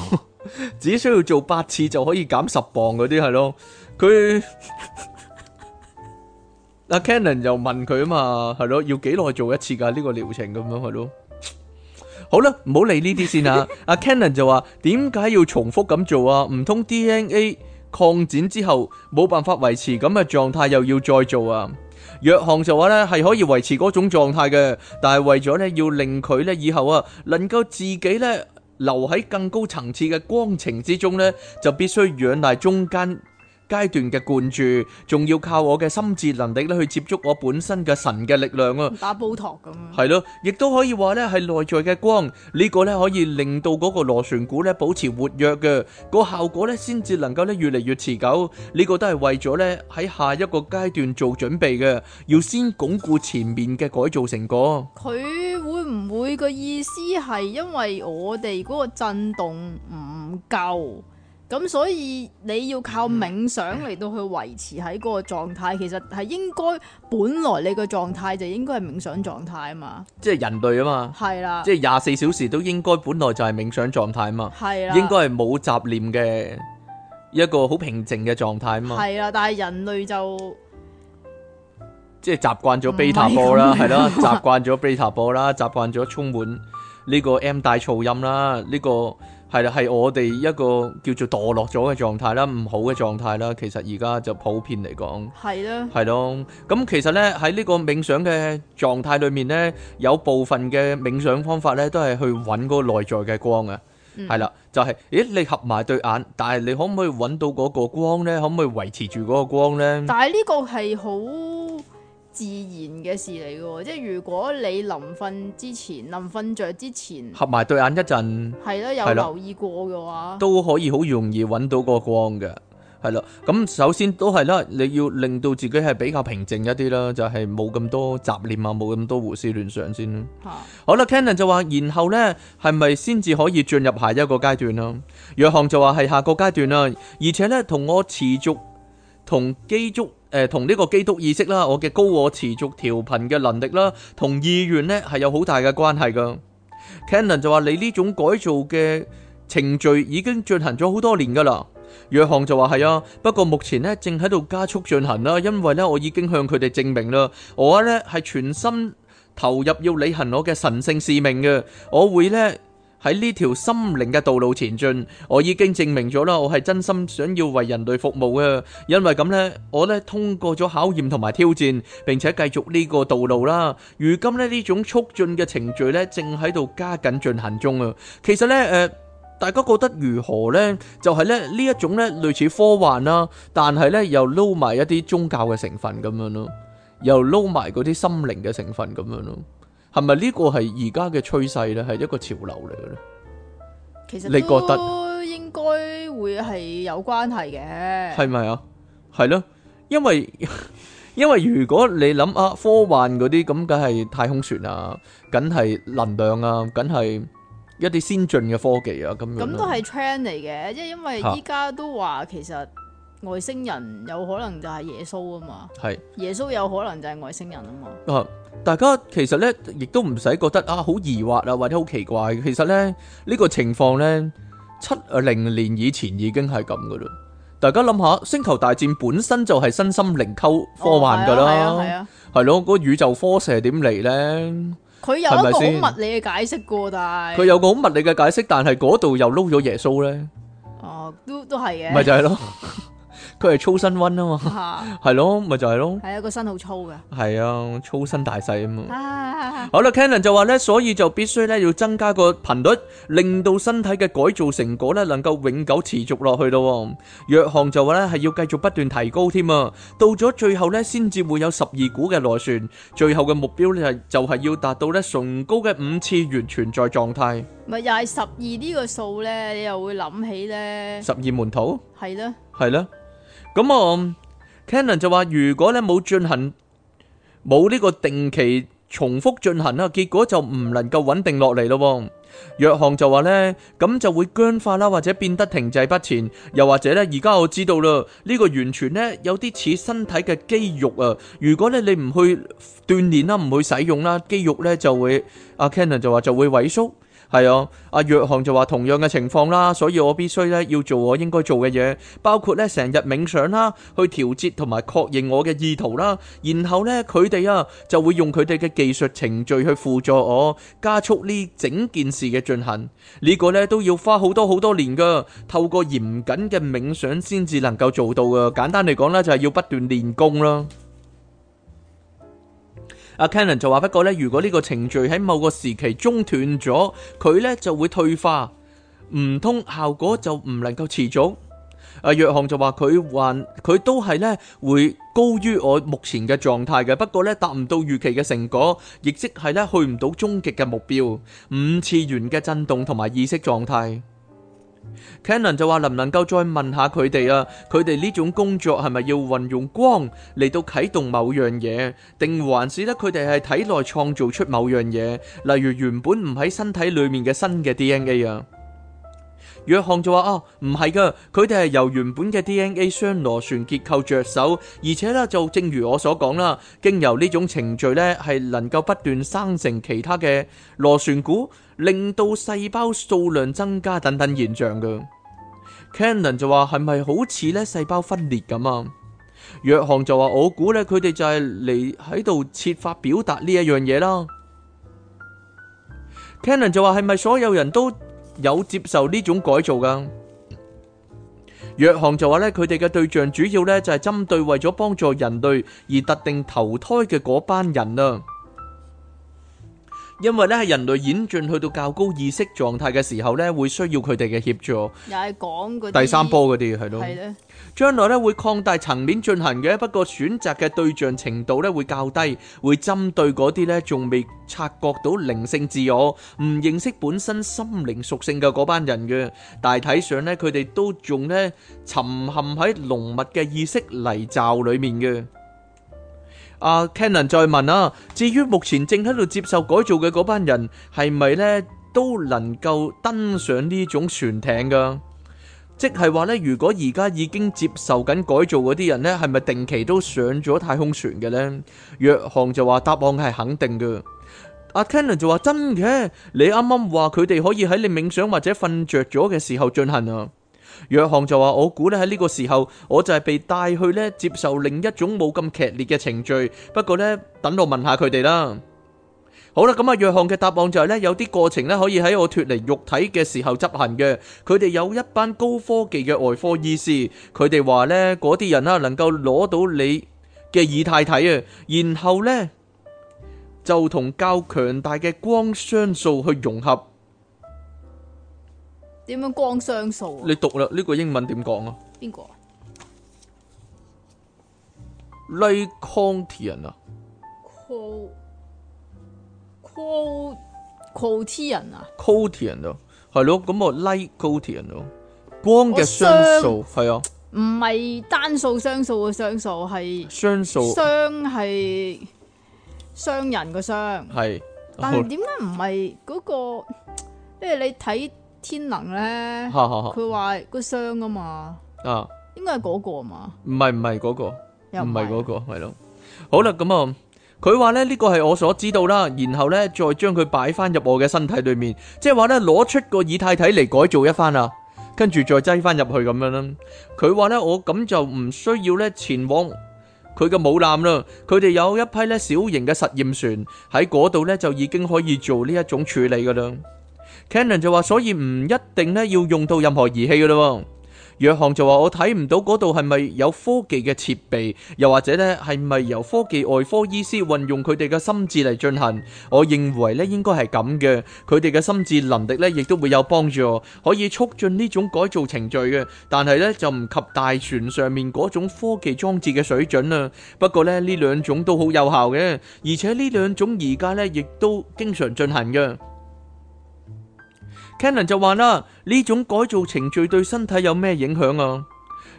只需要做八次就可以減十磅嗰啲係咯，佢阿 Canon 又問佢啊嘛，係咯，要幾耐做一次㗎？呢個療程咁樣係咯。好啦，唔好理呢啲先啊！阿 Cannon 就話：點解要重複咁做啊？唔通 DNA 擴展之後冇辦法維持咁嘅狀態，又要再做啊？約翰就話咧，係可以維持嗰種狀態嘅，但係為咗咧要令佢咧以後啊能夠自己咧留喺更高層次嘅光程之中咧，就必須養大中間。階段嘅灌注，仲要靠我嘅心智能力咧去接觸我本身嘅神嘅力量啊！打煲托咁啊！係咯，亦都可以話咧係內在嘅光，呢個咧可以令到嗰個螺旋股，咧保持活躍嘅，個效果咧先至能夠咧越嚟越持久。呢個都係為咗咧喺下一個階段做準備嘅，要先鞏固前面嘅改造成果。佢會唔會？個意思係因為我哋嗰個震動唔夠？咁所以你要靠冥想嚟到去維持喺嗰個狀態，嗯、其實係應該本來你個狀態就應該係冥想狀態啊嘛，即係人類啊嘛，係啦，即係廿四小時都應該本來就係冥想狀態啊嘛，係啦，應該係冇雜念嘅一個好平靜嘅狀態啊嘛，係啦，但係人類就即係習慣咗 b e 貝塔波啦，係咯啦， 習慣咗 Beta 貝塔波啦，習慣咗充滿呢個 M 大噪音啦，呢、呢個。係啦，係我哋一個叫做墮落咗嘅狀態啦，唔好嘅狀態啦。其實而家就普遍嚟講，係咯，係咯。咁其實呢，喺呢個冥想嘅狀態裏面呢，有部分嘅冥想方法呢，都係去揾嗰個內在嘅光啊。係啦，就係，咦，你合埋對眼，但係你可唔可以揾到嗰個光呢？可唔可以維持住嗰個光呢？但係呢個係好自然嘅事嚟嘅，即係如果你臨瞓之前、臨瞓着之前，合埋對眼一陣，係咯，有留意過嘅話，都可以好容易揾到個光嘅，係啦。咁首先都係啦，你要令到自己係比較平靜一啲啦，就係冇咁多雜念啊，冇咁多胡思亂想先啦。啊，好啦 Canon 就話，然後呢，係咪先至可以進入下一個階段啦？約翰就話係下個階段啦，而且呢，同我持續同基足。誒同呢個基督意識啦，我嘅高我持續調頻嘅能力啦，同意願呢係有好大嘅關係噶。Cannon 就話：你呢種改造嘅程序已經進行咗好多年㗎啦。約翰就話：係啊，不過目前呢正喺度加速進行啦，因為呢我已經向佢哋證明啦，我呢係全心投入要履行我嘅神性使命嘅，我會呢……喺呢條心靈嘅道路前進，我已經證明咗啦，我係真心想要為人類服務嘅。因為咁呢，我呢通過咗考驗同埋挑戰，並且繼續呢個道路啦。如今呢呢種促進嘅程序呢，正喺度加緊進行中啊。其實呢，誒，大家覺得如何呢？就係呢呢一種呢類似科幻啦，但係呢又撈埋一啲宗教嘅成分咁樣咯，又撈埋嗰啲心靈嘅成分咁樣咯。係咪呢個係而家嘅趨勢咧？係一個潮流嚟嘅咧？其實你覺得應該會係有關係嘅？係咪啊？係咯，因為因為如果你諗啊，科幻嗰啲咁，梗係太空船啊，梗係能量啊，梗係一啲先進嘅科技啊，咁樣咁都係 trend 嚟嘅，即係因為依家都話其實。外星人有可能就係耶穌啊嘛，係耶穌有可能就係外星人啊嘛。啊，大家其實咧，亦都唔使覺得啊，好疑惑啊，或者好奇怪。其實咧，呢個情況咧，七零年以前已經係咁噶啦。大家諗下，星球大戰本身就係身心靈溝科幻噶啦，係啊，係啊，係咯。嗰宇宙科射點嚟咧？佢有個好物理嘅解釋噶，但係佢有個好物理嘅解釋，但係嗰度又撈咗耶穌咧。哦，都都係嘅。咪就係咯。佢係粗身温啊嘛，係咯，咪就係咯，係啊，個身好粗嘅，係啊，粗身大細啊嘛。好啦，Cannon 就話咧，所以就必須咧要增加個頻率，令到身體嘅改造成果咧能夠永久持續落去咯。藥行就話咧係要繼續不斷提高添啊，到咗最後咧先至會有十二股嘅螺旋，最後嘅目標咧就係要達到咧崇高嘅五次元存在狀態。咪又係十二呢個數咧，你又會諗起咧？十二門徒係咯，係咯。咁啊、嗯、，Canon 就話如果咧冇進行冇呢個定期重複進行啦，結果就唔能夠穩定落嚟咯。約翰就話咧，咁就會僵化啦，或者變得停滯不前，又或者咧，而家我知道啦，呢、這個完全咧有啲似身體嘅肌肉啊，如果咧你唔去鍛煉啦，唔去使用啦，肌肉咧就會，阿、啊、Canon 就話就會萎縮。係啊，阿約翰就話，同樣嘅情況啦，所以我必須咧要做我應該做嘅嘢，包括咧成日冥想啦，去調節同埋確認我嘅意圖啦。然後咧佢哋啊就會用佢哋嘅技術程序去輔助我加速呢整件事嘅進行。呢、呢個咧都要花好多好多年噶，透過嚴謹嘅冥想先至能夠做到噶。簡單嚟講咧就係要不斷練功啦。阿 Kenon 就話：不過咧，如果呢個程序喺某個時期中斷咗，佢咧就會退化，唔通效果就唔能夠持續。阿約翰就話：佢還佢都係咧會高於我目前嘅狀態嘅，不過咧達唔到預期嘅成果，亦即係咧去唔到終極嘅目標五次元嘅震動同埋意識狀態。Cannon 就話能唔能夠再問下佢哋啊？佢哋呢種工作係咪要運用光嚟到啟動某樣嘢，定還是咧佢哋係體內創造出某樣嘢，例如原本唔喺身體裏面嘅新嘅 DNA 啊？約翰就話啊，唔係噶，佢哋係由原本嘅 DNA 雙螺旋結構着手，而且咧就正如我所講啦，經由呢種程序咧係能夠不斷生成其他嘅螺旋股。令到細胞數量增加等等現象噶 Cannon 就話係咪好似咧細胞分裂咁啊？約翰就話我估咧，佢哋就係嚟喺度設法表達呢一樣嘢啦。Cannon 就話係咪所有人都有接受呢種改造噶？約翰就話咧，佢哋嘅對象主要咧就係針對為咗幫助人類而特定投胎嘅嗰班人啊。因為咧，係人類演進去到較高意識狀態嘅時候咧，會需要佢哋嘅協助。又係講嗰第三波嗰啲係咯，將來咧會擴大層面進行嘅，不過選擇嘅對象程度咧會較低，會針對嗰啲咧仲未察覺到靈性自我，唔認識本身心靈屬性嘅嗰班人嘅。大體上咧，佢哋都仲咧沉陷喺濃密嘅意識泥沼裏面嘅。阿 Kenan 再問啊，至於目前正喺度接受改造嘅嗰班人，係咪呢都能夠登上呢種船艇噶？即係話呢，如果而家已經接受緊改造嗰啲人呢，係咪定期都上咗太空船嘅呢？約翰就話答案係肯定嘅。阿 Kenan 就話真嘅，你啱啱話佢哋可以喺你冥想或者瞓着咗嘅時候進行啊。約翰就話：我估咧，喺呢個時候，我就係被帶去咧接受另一種冇咁劇烈嘅程序。不過咧，等我問下佢哋啦。好啦，咁啊，約翰嘅答案就係咧，有啲過程咧可以喺我脫離肉體嘅時候執行嘅。佢哋有一班高科技嘅外科醫師，佢哋話咧，嗰啲人啊，能夠攞到你嘅以太體啊，然後咧就同較強大嘅光相數去融合。點樣光商數啊？你讀啦，呢個英文點講啊？邊個？Light quotient 啊？Co co quotient 啊？Quotient 係咯，咁我 light quotient 咯。光嘅商數係啊，唔係單數雙數嘅雙數係商數，商係商人嘅商係，但點解唔係嗰個？譬如你睇。天能咧，佢話個箱啊嘛，啊，應該係嗰個嘛，唔係唔係嗰個，唔係嗰個係咯，好啦咁啊，佢話咧呢個係我所知道啦，然後咧再將佢擺翻入我嘅身體裏面，即係話咧攞出個以太體嚟改造一番啊，跟住再擠翻入去咁樣啦。佢話咧我咁就唔需要咧前往佢嘅母艦啦，佢哋有一批咧小型嘅實驗船喺嗰度咧就已經可以做呢一種處理噶啦。Canon 就話，所以唔一定咧要用到任何儀器噶咯。約翰就話，我睇唔到嗰度係咪有科技嘅設備，又或者咧係咪由科技外科醫師運用佢哋嘅心智嚟進行？我認為咧應該係咁嘅，佢哋嘅心智能力咧亦都會有幫助，可以促進呢種改造程序嘅。但係咧就唔及大船上面嗰種科技裝置嘅水準啦。不過咧呢兩種都好有效嘅，而且呢兩種而家咧亦都經常進行嘅。Cannon 就話啦，呢種改造程序對身體有咩影響啊？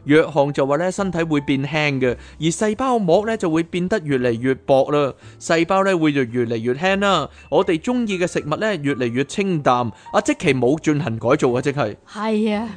藥行就話咧，身體會變輕嘅，而細胞膜咧就會變得越嚟越薄啦，細胞咧會就越嚟越輕啦。我哋鍾意嘅食物咧越嚟越清淡。阿即其冇進行改造啊，即係。係啊。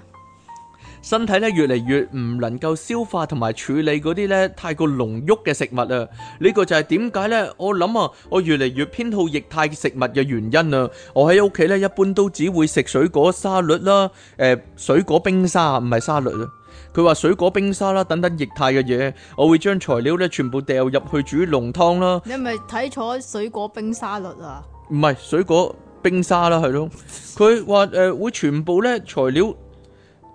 身體咧越嚟越唔能夠消化同埋處理嗰啲咧太過濃郁嘅食物啊！呢個就係點解咧？我諗啊，我越嚟越偏好液態食物嘅原因啊！我喺屋企咧一般都只會食水果沙律啦，誒水果冰沙唔係沙律啊！佢話水果冰沙啦等等液態嘅嘢，我會將材料咧全部掉入去煮濃湯啦。你係咪睇錯水果冰沙律啊？唔係水果冰沙啦，係咯，佢話誒會全部咧材料。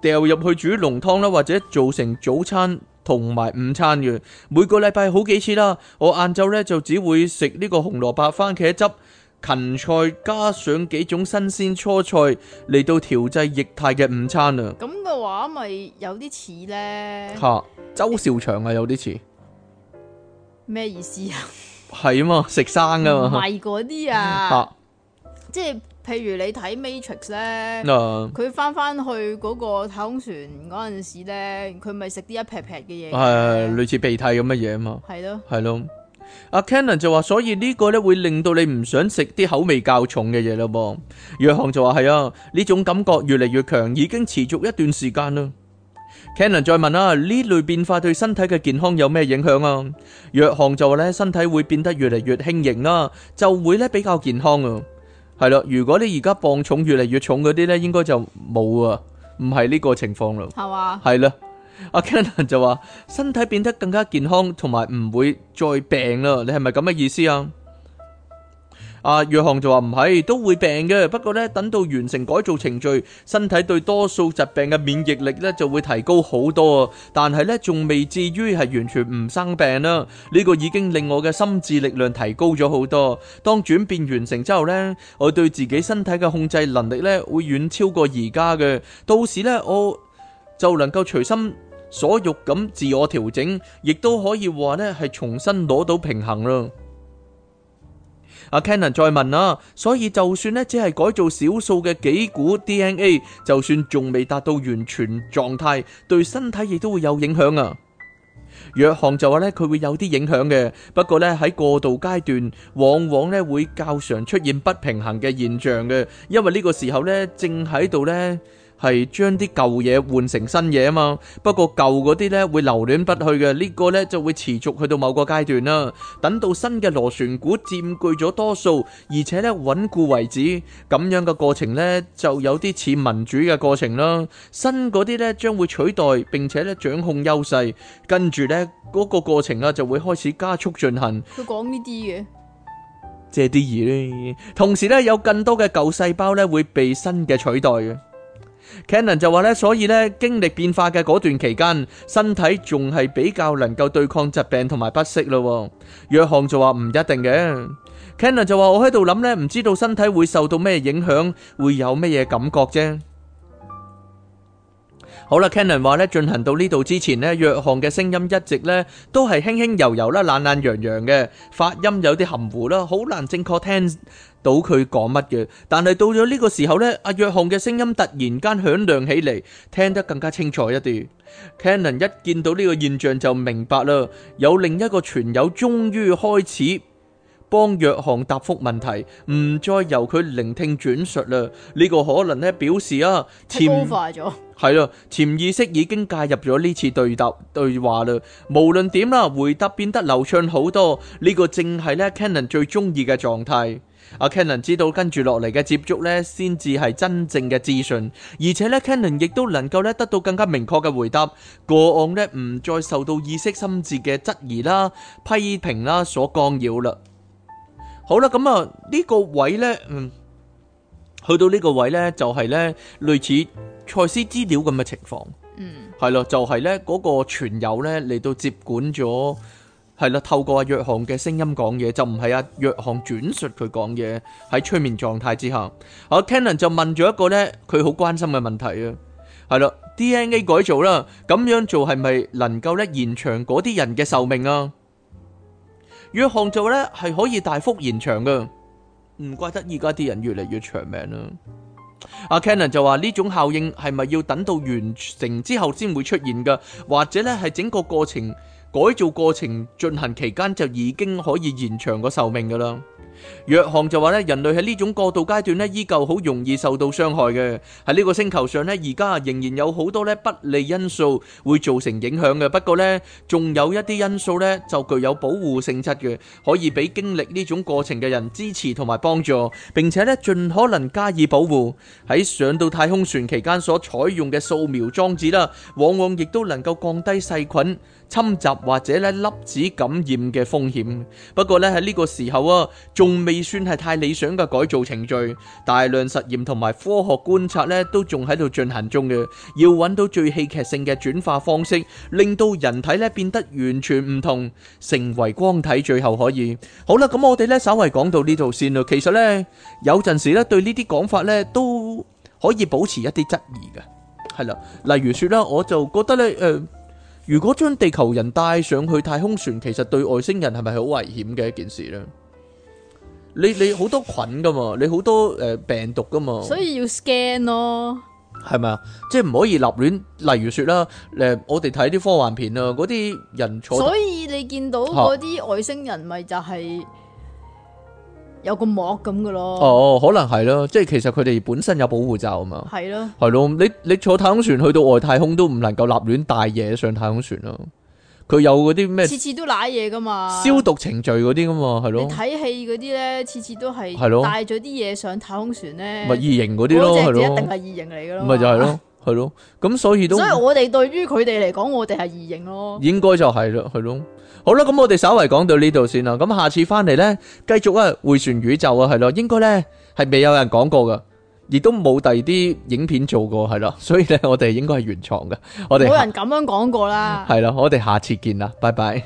掉入去煮濃湯啦，或者做成早餐同埋午餐嘅，每個禮拜好幾次啦。我晏晝呢就只會食呢個紅蘿蔔番茄汁芹菜，加上幾種新鮮蔬菜嚟到調製液態嘅午餐啊。咁嘅話咪有啲似呢？吓，周兆祥啊，有啲似咩意思啊？係啊嘛，食生㗎嘛，唔係嗰啲啊，啊即係。譬如你睇《Matrix》咧，佢翻翻去嗰個太空船嗰陣時咧，佢咪食啲一劈劈嘅嘢，係類似鼻涕咁嘅嘢啊嘛，係咯，係咯。阿 Cannon 就話，所以呢個咧會令到你唔想食啲口味較重嘅嘢咯噃。約翰就話係啊，呢種感覺越嚟越強，已經持續一段時間啦。Cannon 再問啊，呢類變化對身體嘅健康有咩影響啊？約翰就話咧，身體會變得越嚟越輕盈啦，就會咧比較健康啊。係咯，如果你而家磅重越嚟越重嗰啲咧，應該就冇啊，唔係呢個情況咯。係嘛？係啦，阿 Cannon 就話身體變得更加健康，同埋唔會再病啦。你係咪咁嘅意思啊？阿約翰就話唔係，都會病嘅。不過呢，等到完成改造程序，身體對多數疾病嘅免疫力呢就會提高好多。但係呢，仲未至於係完全唔生病啦。呢個已經令我嘅心智力量提高咗好多。當轉變完成之後呢，我對自己身體嘅控制能力呢會遠超過而家嘅。到時呢，我就能夠隨心所欲咁自我調整，亦都可以話呢係重新攞到平衡啦。阿 Cannon 再問啦，所以就算咧，只係改造少數嘅幾股 DNA，就算仲未達到完全狀態，對身體亦都會有影響啊。約翰就話咧，佢會有啲影響嘅，不過咧喺過渡階段，往往咧會較常出現不平衡嘅現象嘅，因為呢個時候咧正喺度咧，係將啲舊嘢換成新嘢啊嘛，不過舊嗰啲呢會留戀不去嘅，呢、這個呢就會持續去到某個階段啦。等到新嘅螺旋股佔據咗多數，而且呢穩固為止，咁樣嘅過程呢就有啲似民主嘅過程啦。新嗰啲呢將會取代，並且呢掌控優勢，跟住呢嗰、那個過程啊就會開始加速進行。佢講呢啲嘅，即係啲嘢。同時呢有更多嘅舊細胞呢會被新嘅取代。Cannon 就話咧，所以咧，經歷變化嘅嗰段期間，身體仲係比較能夠對抗疾病同埋不適咯。約翰就話唔一定嘅，Cannon 就話我喺度諗咧，唔知道身體會受到咩影響，會有咩嘢感覺啫。好啦，Canon 話咧，進行到呢度之前咧，約翰嘅聲音一直咧都係輕輕柔柔啦、懶懶洋洋嘅，發音有啲含糊啦，好難正確聽到佢講乜嘢。但係到咗呢個時候咧，阿約翰嘅聲音突然間響亮起嚟，聽得更加清楚一啲。Canon 一見到呢個現象就明白啦，有另一個傳友終於開始幫約翰答覆問題，唔再由佢聆聽轉述啦。呢、這個可能咧表示啊潛係啦潛意識已經介入咗呢次對答對話啦。無論點啦，回答變得流暢好多。呢、這個正係咧 Cannon 最中意嘅狀態。阿 Cannon 知道跟住落嚟嘅接觸咧，先至係真正嘅資訊，而且咧 Cannon 亦都能夠咧得到更加明確嘅回答。個案咧唔再受到意識心智嘅質疑啦、批評啦所干擾啦。好啦，咁啊呢個位咧，嗯，去到呢個位咧，就係咧類似賽斯資料咁嘅情況，嗯，係咯，就係咧嗰個傳有咧嚟到接管咗，係啦，透過阿約翰嘅聲音講嘢，就唔係阿約翰轉述佢講嘢。喺催眠狀態之下，阿 Cannon 就問咗一個咧佢好關心嘅問題啊，係咯，DNA 改造啦，咁樣做係咪能夠咧延長嗰啲人嘅壽命啊？若項就咧係可以大幅延長嘅，唔怪得而家啲人越嚟越長命啦。阿 Kennan 就話：呢種效應係咪要等到完成之後先會出現嘅，或者咧係整個過程改造過程進行期間就已經可以延長個壽命嘅啦？約翰就話咧，人類喺呢種過渡階段呢，依舊好容易受到傷害嘅。喺呢個星球上呢，而家仍然有好多咧不利因素會造成影響嘅。不過呢，仲有一啲因素呢，就具有保護性質嘅，可以俾經歷呢種過程嘅人支持同埋幫助，並且呢，盡可能加以保護。喺上到太空船期間所採用嘅掃描裝置啦，往往亦都能夠降低細菌侵襲或者咧粒子感染嘅風險。不過呢，喺呢個時候啊，仲未算係太理想嘅改造程序，大量實驗同埋科學觀察咧，都仲喺度進行中嘅。要揾到最戲劇性嘅轉化方式，令到人體咧變得完全唔同，成為光體，最後可以好啦。咁我哋咧，稍微講到呢度先啦。其實咧，有陣時咧，對呢啲講法咧，都可以保持一啲質疑嘅。係啦，例如說啦，我就覺得咧，誒，如果將地球人帶上去太空船，其實對外星人係咪好危險嘅一件事咧？你你好多菌噶嘛，你好多誒、呃、病毒噶嘛，所以要 scan 咯，係咪啊？即係唔可以立亂，例如說啦，誒、呃，我哋睇啲科幻片啊，嗰啲人坐，所以你見到嗰啲外星人咪就係有個膜咁噶咯，啊？哦，可能係咯，即係其實佢哋本身有保護罩啊嘛，係咯，係咯，你你坐太空船去到外太空都唔能夠立亂帶嘢上太空船咯。佢有嗰啲咩？次次都瀨嘢噶嘛？消毒程序嗰啲噶嘛，係咯？你睇戲嗰啲咧，次次都係，係咯？帶咗啲嘢上太空船咧，咪異形嗰啲咯，係咯？即係一定係異形嚟噶咯？咪就係咯，係咯？咁所以都，所以我哋對於佢哋嚟講，我哋係異形咯，應該就係啦，係咯。好啦，咁我哋稍為講到呢度先啦。咁下次翻嚟咧，繼續啊，迴旋宇宙啊，係咯，應該咧係未有人講過噶。亦都冇第二啲影片做過係咯，所以咧我哋應該係原創嘅。我哋冇人咁樣講過啦。係啦，我哋下次見啦，拜拜。